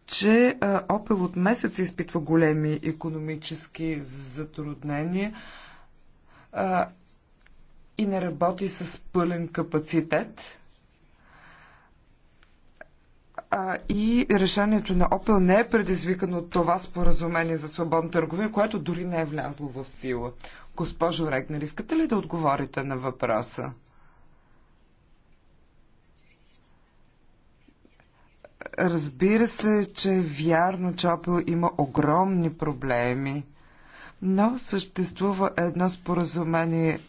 Speaker 1: че Опел от месец изпитва големи економически затруднения е, и не работи с пълен капацитет? а, и решението на Опел не е предизвикано от това споразумение за свободна търговия, което дори не е влязло в сила. Госпожо Регнер, искате ли да отговорите на въпроса? Разбира се, че е вярно, че Опел има огромни проблеми, но съществува едно споразумение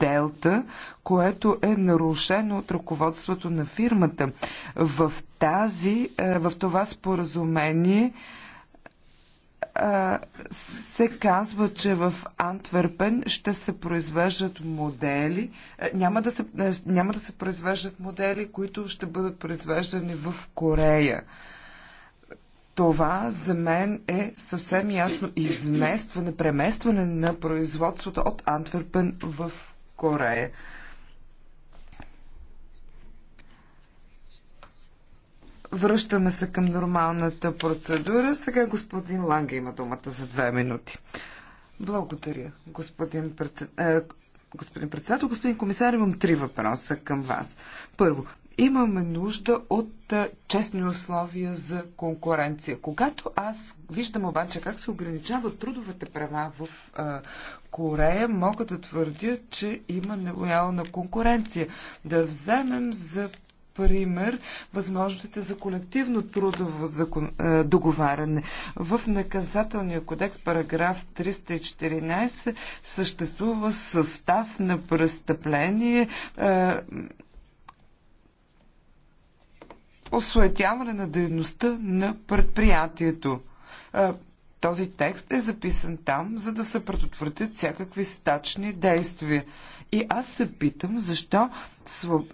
Speaker 1: Делта, което е нарушено от ръководството на фирмата. В, тази, е, в това споразумение е, се казва, че в Антверпен ще се произвеждат модели, е, няма да се, няма да се произвеждат модели, които ще бъдат произвеждани в Корея. Това за мен е съвсем ясно изместване, преместване на производството от Антверпен в Корея. Връщаме се към нормалната процедура. Сега господин Ланга има думата за две минути. Благодаря, господин председ... Е, господин председател, господин комисар, имам три въпроса към вас. Първо, имаме нужда от честни условия за конкуренция. Когато аз виждам обаче как се ограничават трудовите права в а, Корея, мога да твърдя, че има нелоялна конкуренция. Да вземем за пример възможностите за колективно трудово закон, а, договаряне. В наказателния кодекс параграф 314 съществува състав на престъпление а, осуетяване на дейността на предприятието. Този текст е записан там, за да се предотвратят всякакви стачни действия. И аз се питам, защо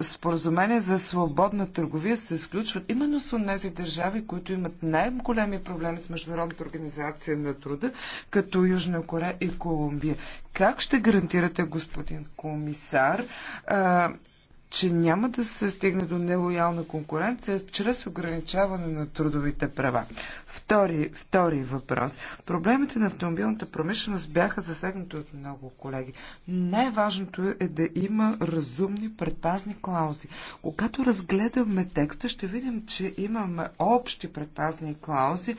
Speaker 1: споразумения за свободна търговия се изключват именно с тези държави, които имат най-големи проблеми с Международната организация на труда, като Южна Корея и Колумбия. Как ще гарантирате, господин комисар, че няма да се стигне до нелоялна конкуренция чрез ограничаване на трудовите права. Втори, втори въпрос. Проблемите на автомобилната промишленост бяха засегнати от много колеги. Най-важното е да има разумни предпазни клаузи. Когато разгледаме текста, ще видим, че имаме общи предпазни клаузи,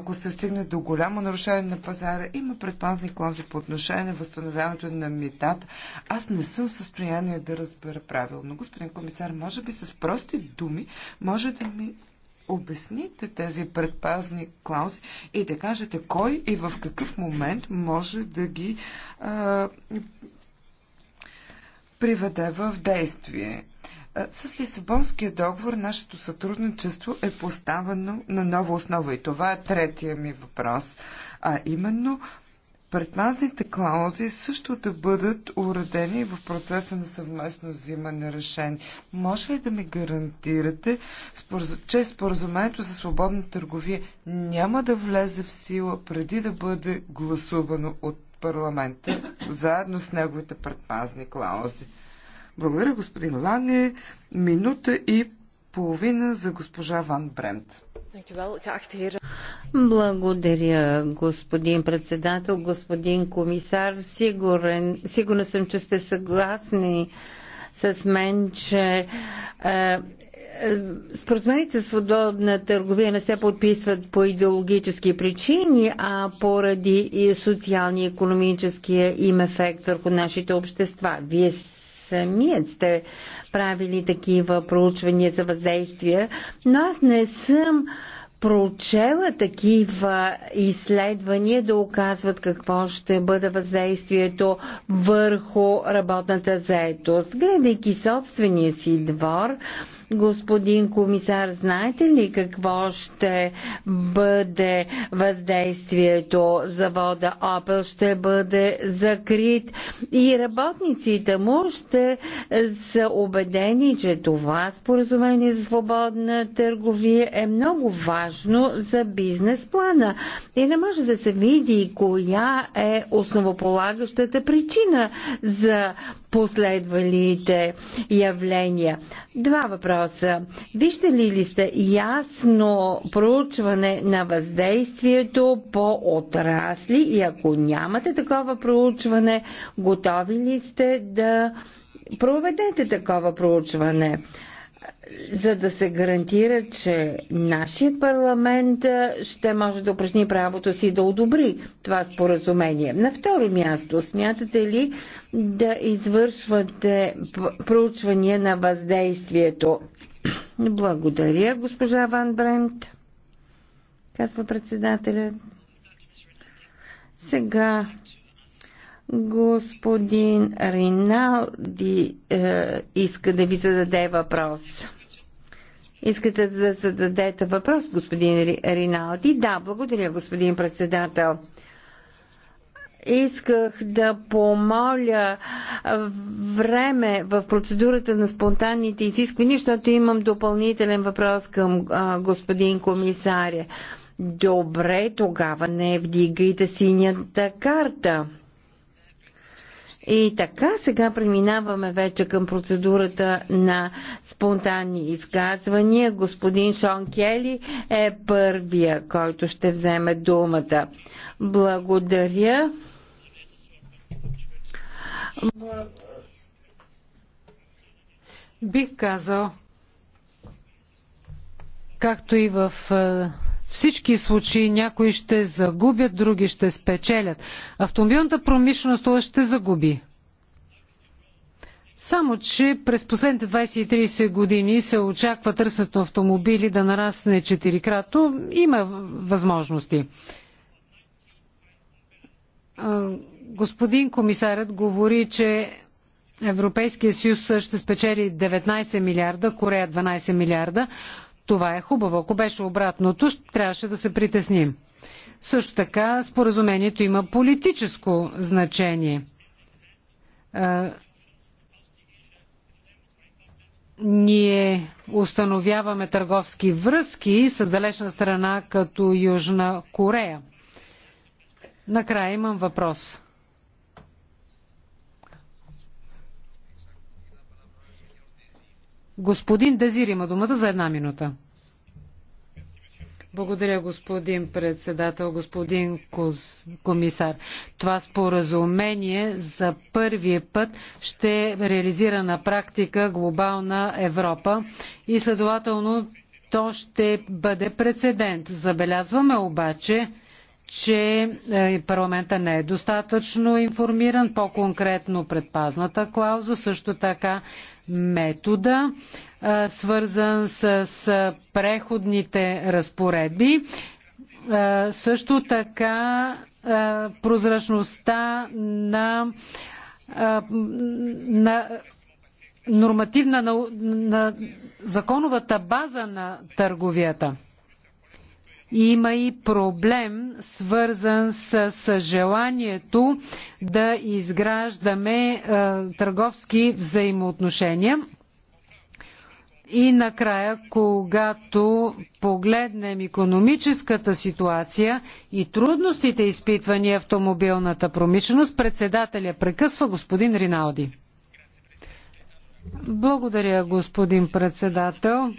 Speaker 1: ако се стигне до голямо нарушение на пазара, има предпазни клаузи по отношение на възстановяването на митата. Аз не съм в състояние да разбера правилно. Господин комисар, може би с прости думи може да ми обясните тези предпазни клаузи и да кажете кой и в какъв момент може да ги а, приведе в действие. Е, с Лисабонския договор нашето сътрудничество е поставено на нова основа и това е третия ми въпрос, а именно предпазните клаузи също да бъдат уредени в процеса на съвместно взимане решение. Може ли да ми гарантирате, че споразумението за свободна търговия няма да влезе в сила преди да бъде гласувано от парламента, заедно с неговите предпазни клаузи? Благодаря, господин Ланге. Минута и половина за госпожа Ван Бремт.
Speaker 3: Благодаря, господин председател, господин комисар. Сигурен, сигурна съм, че сте съгласни с мен, че е, е споразумените с свободна търговия не се подписват по идеологически причини, а поради и социалния и економическия им ефект върху нашите общества. Вие самият сте правили такива проучвания за въздействие, но аз не съм прочела такива изследвания да оказват какво ще бъде въздействието върху работната заетост. Гледайки собствения си двор, Господин комисар, знаете ли какво ще бъде въздействието? Завода Опел ще бъде закрит и работниците му ще са убедени, че това споразумение за свободна търговия е много важно за бизнес плана. И не може да се види коя е основополагащата причина за последвалите явления. Два въпроса. Виждали ли сте ясно проучване на въздействието по отрасли и ако нямате такова проучване, готови ли сте да проведете такова проучване? за да се гарантира, че нашият парламент ще може да упражни правото си да одобри това споразумение. На второ място, смятате ли да извършвате проучвания на въздействието. Благодаря, госпожа Ван Бремт, казва председателя. Сега господин Риналди е, иска да ви зададе въпрос. Искате да зададете въпрос, господин Риналди? Да, благодаря, господин председател исках да помоля време в процедурата на спонтанните изисквания, защото имам допълнителен въпрос към а, господин комисаря. Добре, тогава не вдигайте синята карта. И така, сега преминаваме вече към процедурата на спонтанни изказвания. Господин Шон Кели е първия, който ще вземе думата. Благодаря. Бих казал,
Speaker 2: както и в е, всички случаи някои ще загубят, други ще спечелят. Автомобилната промишленост ще загуби. Само, че през последните 20-30 години се очаква търсенето на автомобили да нарасне 4 крато. Има възможности. Е, Господин комисарят говори, че Европейския съюз ще спечели 19 милиарда, Корея 12 милиарда. Това е хубаво. Ако беше обратното, трябваше да се притесним. Също така, споразумението има политическо значение. Ние установяваме търговски връзки с далечна страна като Южна Корея. Накрая имам въпрос. Господин Дезир има думата за една минута. Благодаря, господин председател, господин комисар. Това споразумение за първи път ще реализира на практика глобална Европа и следователно то ще бъде прецедент. Забелязваме обаче, че е, парламента не е достатъчно информиран, по-конкретно предпазната клауза, също така метода, свързан с преходните разпоредби. Също така прозрачността на, на нормативна на, на законовата база на търговията има и проблем, свързан с, с желанието да изграждаме е, търговски взаимоотношения. И накрая, когато погледнем економическата ситуация и трудностите изпитвани автомобилната промишленост, председателя прекъсва господин Риналди. Благодаря, господин председател.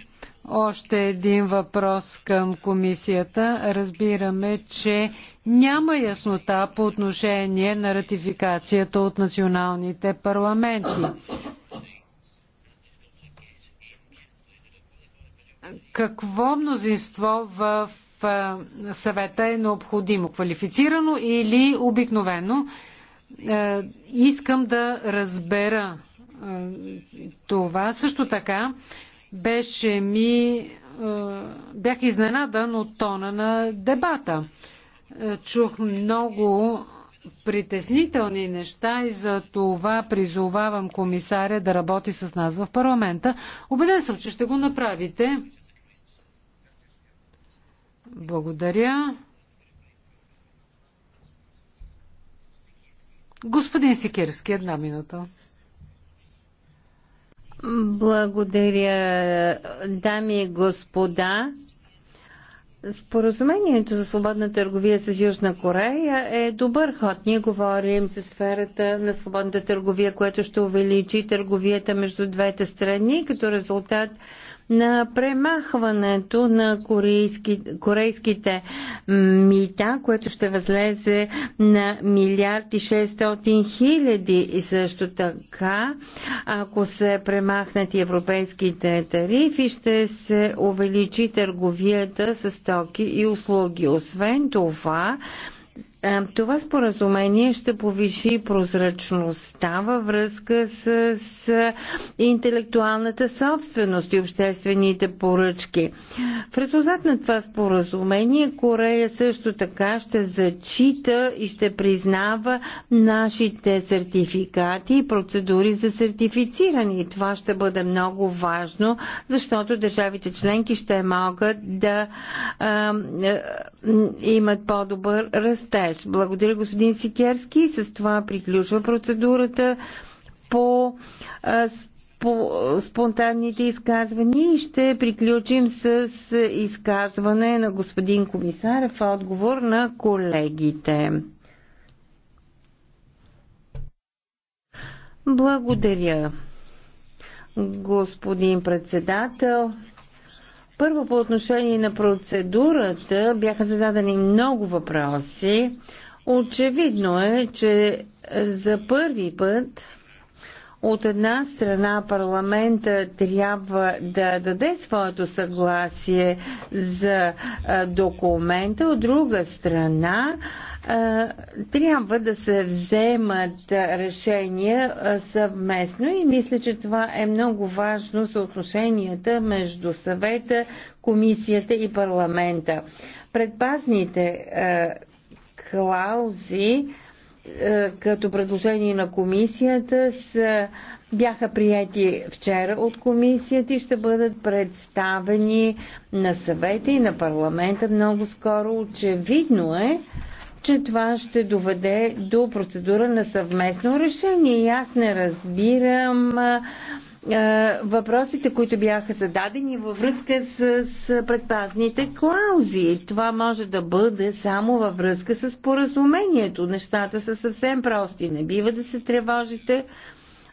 Speaker 2: Още един въпрос към комисията. Разбираме, че няма яснота по отношение на ратификацията от националните парламенти. Какво мнозинство в съвета е необходимо? Квалифицирано или обикновено? Е, искам да разбера това. Също така беше ми. Бях изненадан от тона на дебата. Чух много притеснителни неща и за това призовавам комисаря да работи с нас в парламента. Обеден съм, че ще го направите. Благодаря. Господин Сикерски, една минута.
Speaker 3: Благодаря, дами и господа. Споразумението за свободна търговия с Южна Корея е добър ход. Ние говорим за сферата на свободната търговия, което ще увеличи търговията между двете страни, като резултат на премахването на корейски, корейските мита, което ще възлезе на милиард и 600 хиляди и също така, ако се премахнат и европейските тарифи, ще се увеличи търговията с токи и услуги. Освен това, е, това споразумение ще повиши прозрачността във връзка с, с интелектуалната собственост и обществените поръчки. В резултат на това споразумение Корея също така ще зачита и ще признава нашите сертификати и процедури за сертифициране. И това ще бъде много важно, защото държавите членки ще могат да а, а, е, имат по-добър растеж растеж. Благодаря, господин Сикерски. С това приключва процедурата по по спонтанните изказвания и ще приключим с изказване на господин комисар в отговор на колегите. Благодаря, господин председател. Първо по отношение на процедурата бяха зададени много въпроси. Очевидно е, че за първи път от една страна парламента трябва да даде своето съгласие за документа, от друга страна трябва да се вземат решения съвместно и мисля, че това е много важно съотношенията между съвета, комисията и парламента. Предпазните клаузи като предложение на комисията са, бяха прияти вчера от комисията и ще бъдат представени на съвета и на парламента много скоро. Очевидно е, че това ще доведе до процедура на съвместно решение. И аз не разбирам въпросите, които бяха зададени във връзка с, с предпазните клаузи. Това може да бъде само във връзка с поразумението. Нещата са съвсем прости. Не бива да се тревожите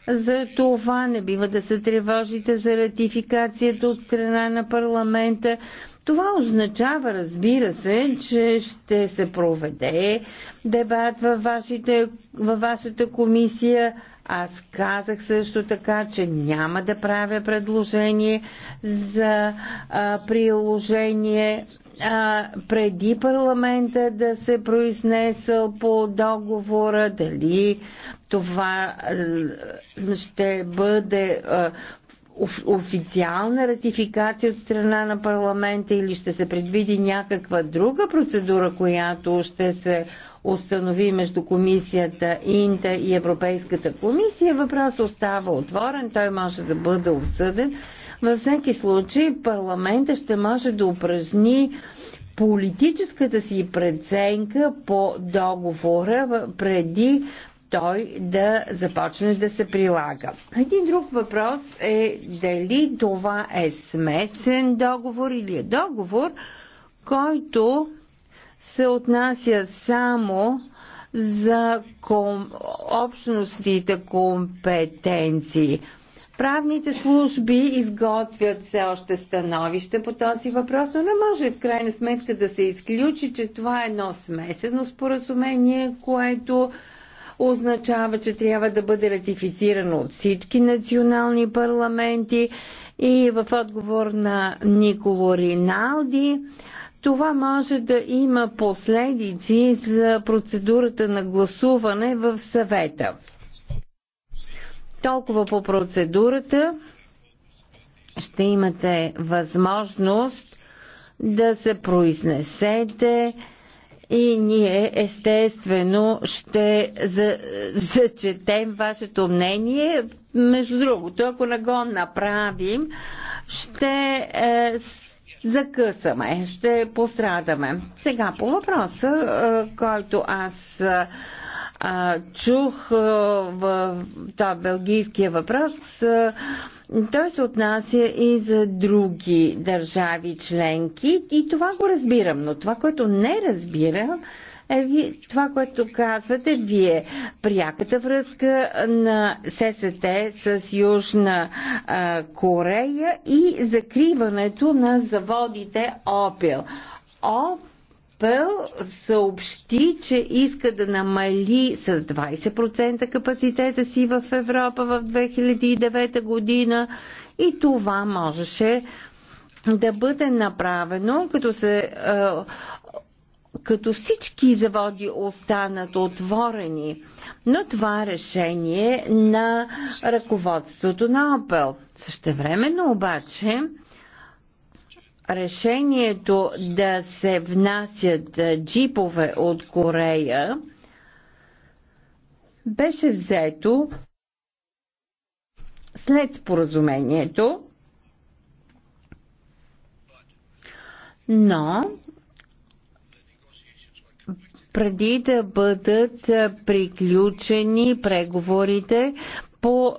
Speaker 3: за това, не бива да се тревожите за ратификацията от страна на парламента. Това означава, разбира се, че ще се проведе дебат във, вашите, във вашата комисия. Аз казах също така, че няма да правя предложение за а, приложение а, преди парламента да се произнесъл по договора, дали това ще бъде официална ратификация от страна на парламента или ще се предвиди някаква друга процедура, която ще се установи между комисията Инта и Европейската комисия, въпрос остава отворен, той може да бъде обсъден. Във всеки случай парламента ще може да упражни политическата си преценка по договора преди той да започне да се прилага. Един друг въпрос е дали това е смесен договор или е договор, който се отнася само за ком... общностите компетенции. Правните служби изготвят все още становище по този въпрос, но не може в крайна сметка да се изключи, че това е едно смесено споразумение, което означава, че трябва да бъде ратифицирано от всички национални парламенти и в отговор на Николо Риналди това може да има последици за процедурата на гласуване в съвета. Толкова по процедурата ще имате възможност да се произнесете и ние естествено ще за, зачетем вашето мнение. Между другото, ако не го направим, ще е, закъсаме, ще пострадаме. Сега по въпроса, е, който аз е, а, чух а, в това белгийския въпрос, а, той се отнася и за други държави членки и това го разбирам, но това, което не разбира, е ви, това, което казвате вие, пряката връзка на ССТ с Южна а, Корея и закриването на заводите Опел. Опел Apple съобщи, че иска да намали с 20% капацитета си в Европа в 2009 година и това можеше да бъде направено, като се като всички заводи останат отворени. Но това е решение на ръководството на Opel. Същевременно обаче решението да се внасят джипове от Корея беше взето след споразумението, но преди да бъдат приключени преговорите по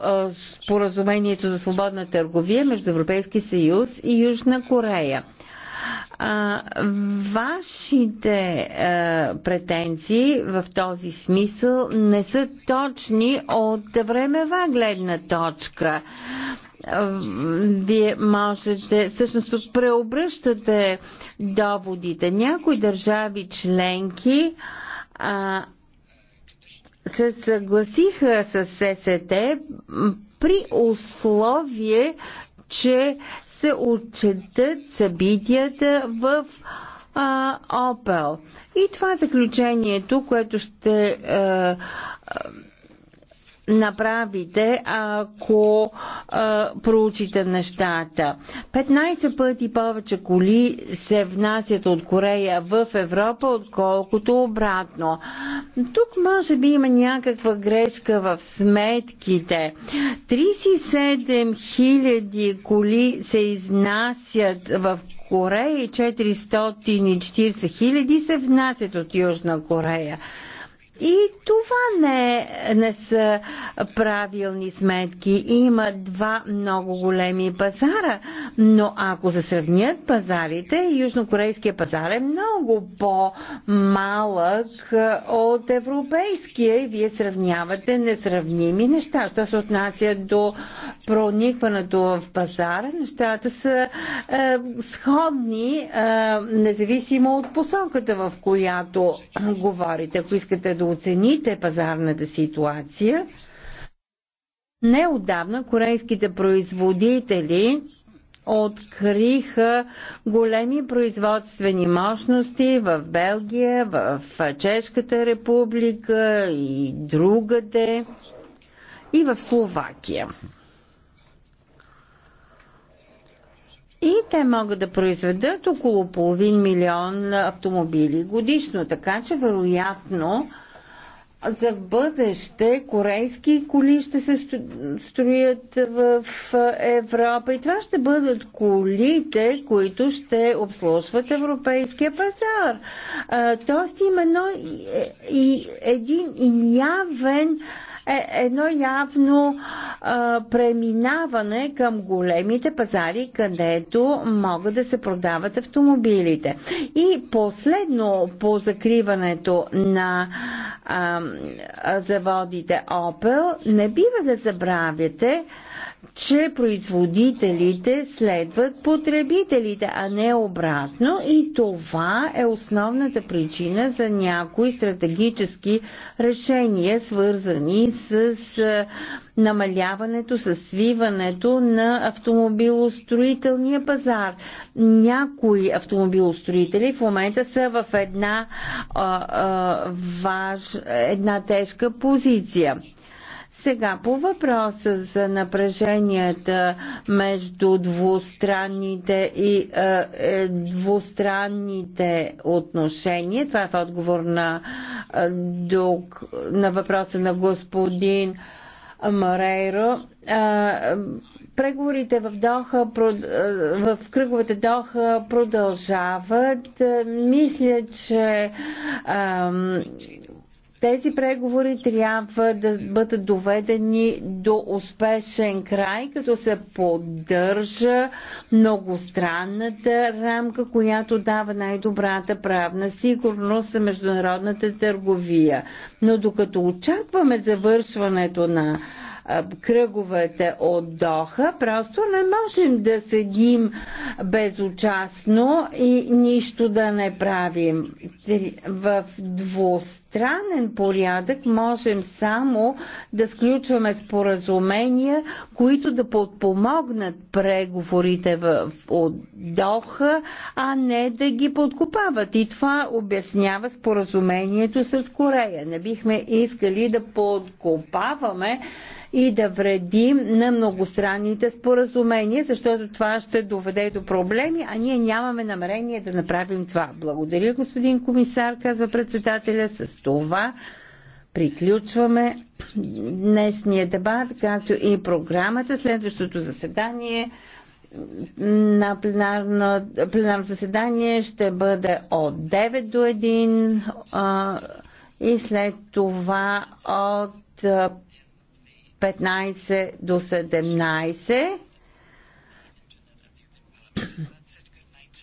Speaker 3: споразумението за свободна търговия между Европейски съюз и Южна Корея. А, вашите а, претенции в този смисъл не са точни от времева гледна точка. вие можете, всъщност преобръщате доводите. Някои държави членки а, се съгласиха с ССТ при условие, че се отчетат събитията в а, Опел. И това заключението, което ще а, а, направите, ако а, проучите нещата. 15 пъти повече коли се внасят от Корея в Европа, отколкото обратно. Тук може би има някаква грешка в сметките. 37 000 коли се изнасят в Корея и 440 000 се внасят от Южна Корея. И това не, не са правилни сметки. Има два много големи пазара, но ако се сравнят пазарите, южнокорейския пазар е много по-малък от европейския и вие сравнявате несравними неща. Що се отнася до проникването в пазара, нещата са е, сходни, е, независимо от посоката, в която говорите. Ако искате да оцените пазарната ситуация, неодавна корейските производители откриха големи производствени мощности в Белгия, в Чешката република и другаде и в Словакия. И те могат да произведат около половин милион автомобили годишно, така че вероятно за бъдеще корейски коли ще се строят в Европа и това ще бъдат колите, които ще обслужват европейския пазар. Тоест има едно, и, е, един явен е, едно явно а, преминаване към големите пазари, където могат да се продават автомобилите. И последно по закриването на заводите Opel, не бива да забравяте, че производителите следват потребителите, а не обратно. И това е основната причина за някои стратегически решения, свързани с е, намаляването, с свиването на автомобилостроителния пазар. Някои автомобилостроители в момента са в една, а, а, важ, една тежка позиция. Сега по въпроса за напреженията между двустранните и е, е, двустранните отношения, това е в отговор на, е, дук, на въпроса на господин Морейро. Е, Преговорите в, Доха, е, в кръговете Доха продължават. Мисля, че е, тези преговори трябва да бъдат доведени до успешен край, като се поддържа многостранната рамка, която дава най-добрата правна сигурност за международната търговия. Но докато очакваме завършването на кръговете от Доха. Просто не можем да седим безучастно и нищо да не правим. В двост. Странен порядък можем само да сключваме споразумения, които да подпомогнат преговорите в Доха, а не да ги подкопават. И това обяснява споразумението с Корея. Не бихме искали да подкопаваме и да вредим на многостранните споразумения, защото това ще доведе до проблеми, а ние нямаме намерение да направим това. Благодаря, господин комисар, казва председателя. С това приключваме днешния дебат, както и програмата. Следващото заседание на пленарно, пленарно заседание ще бъде от 9 до 1 а, и след това от 15 до 17.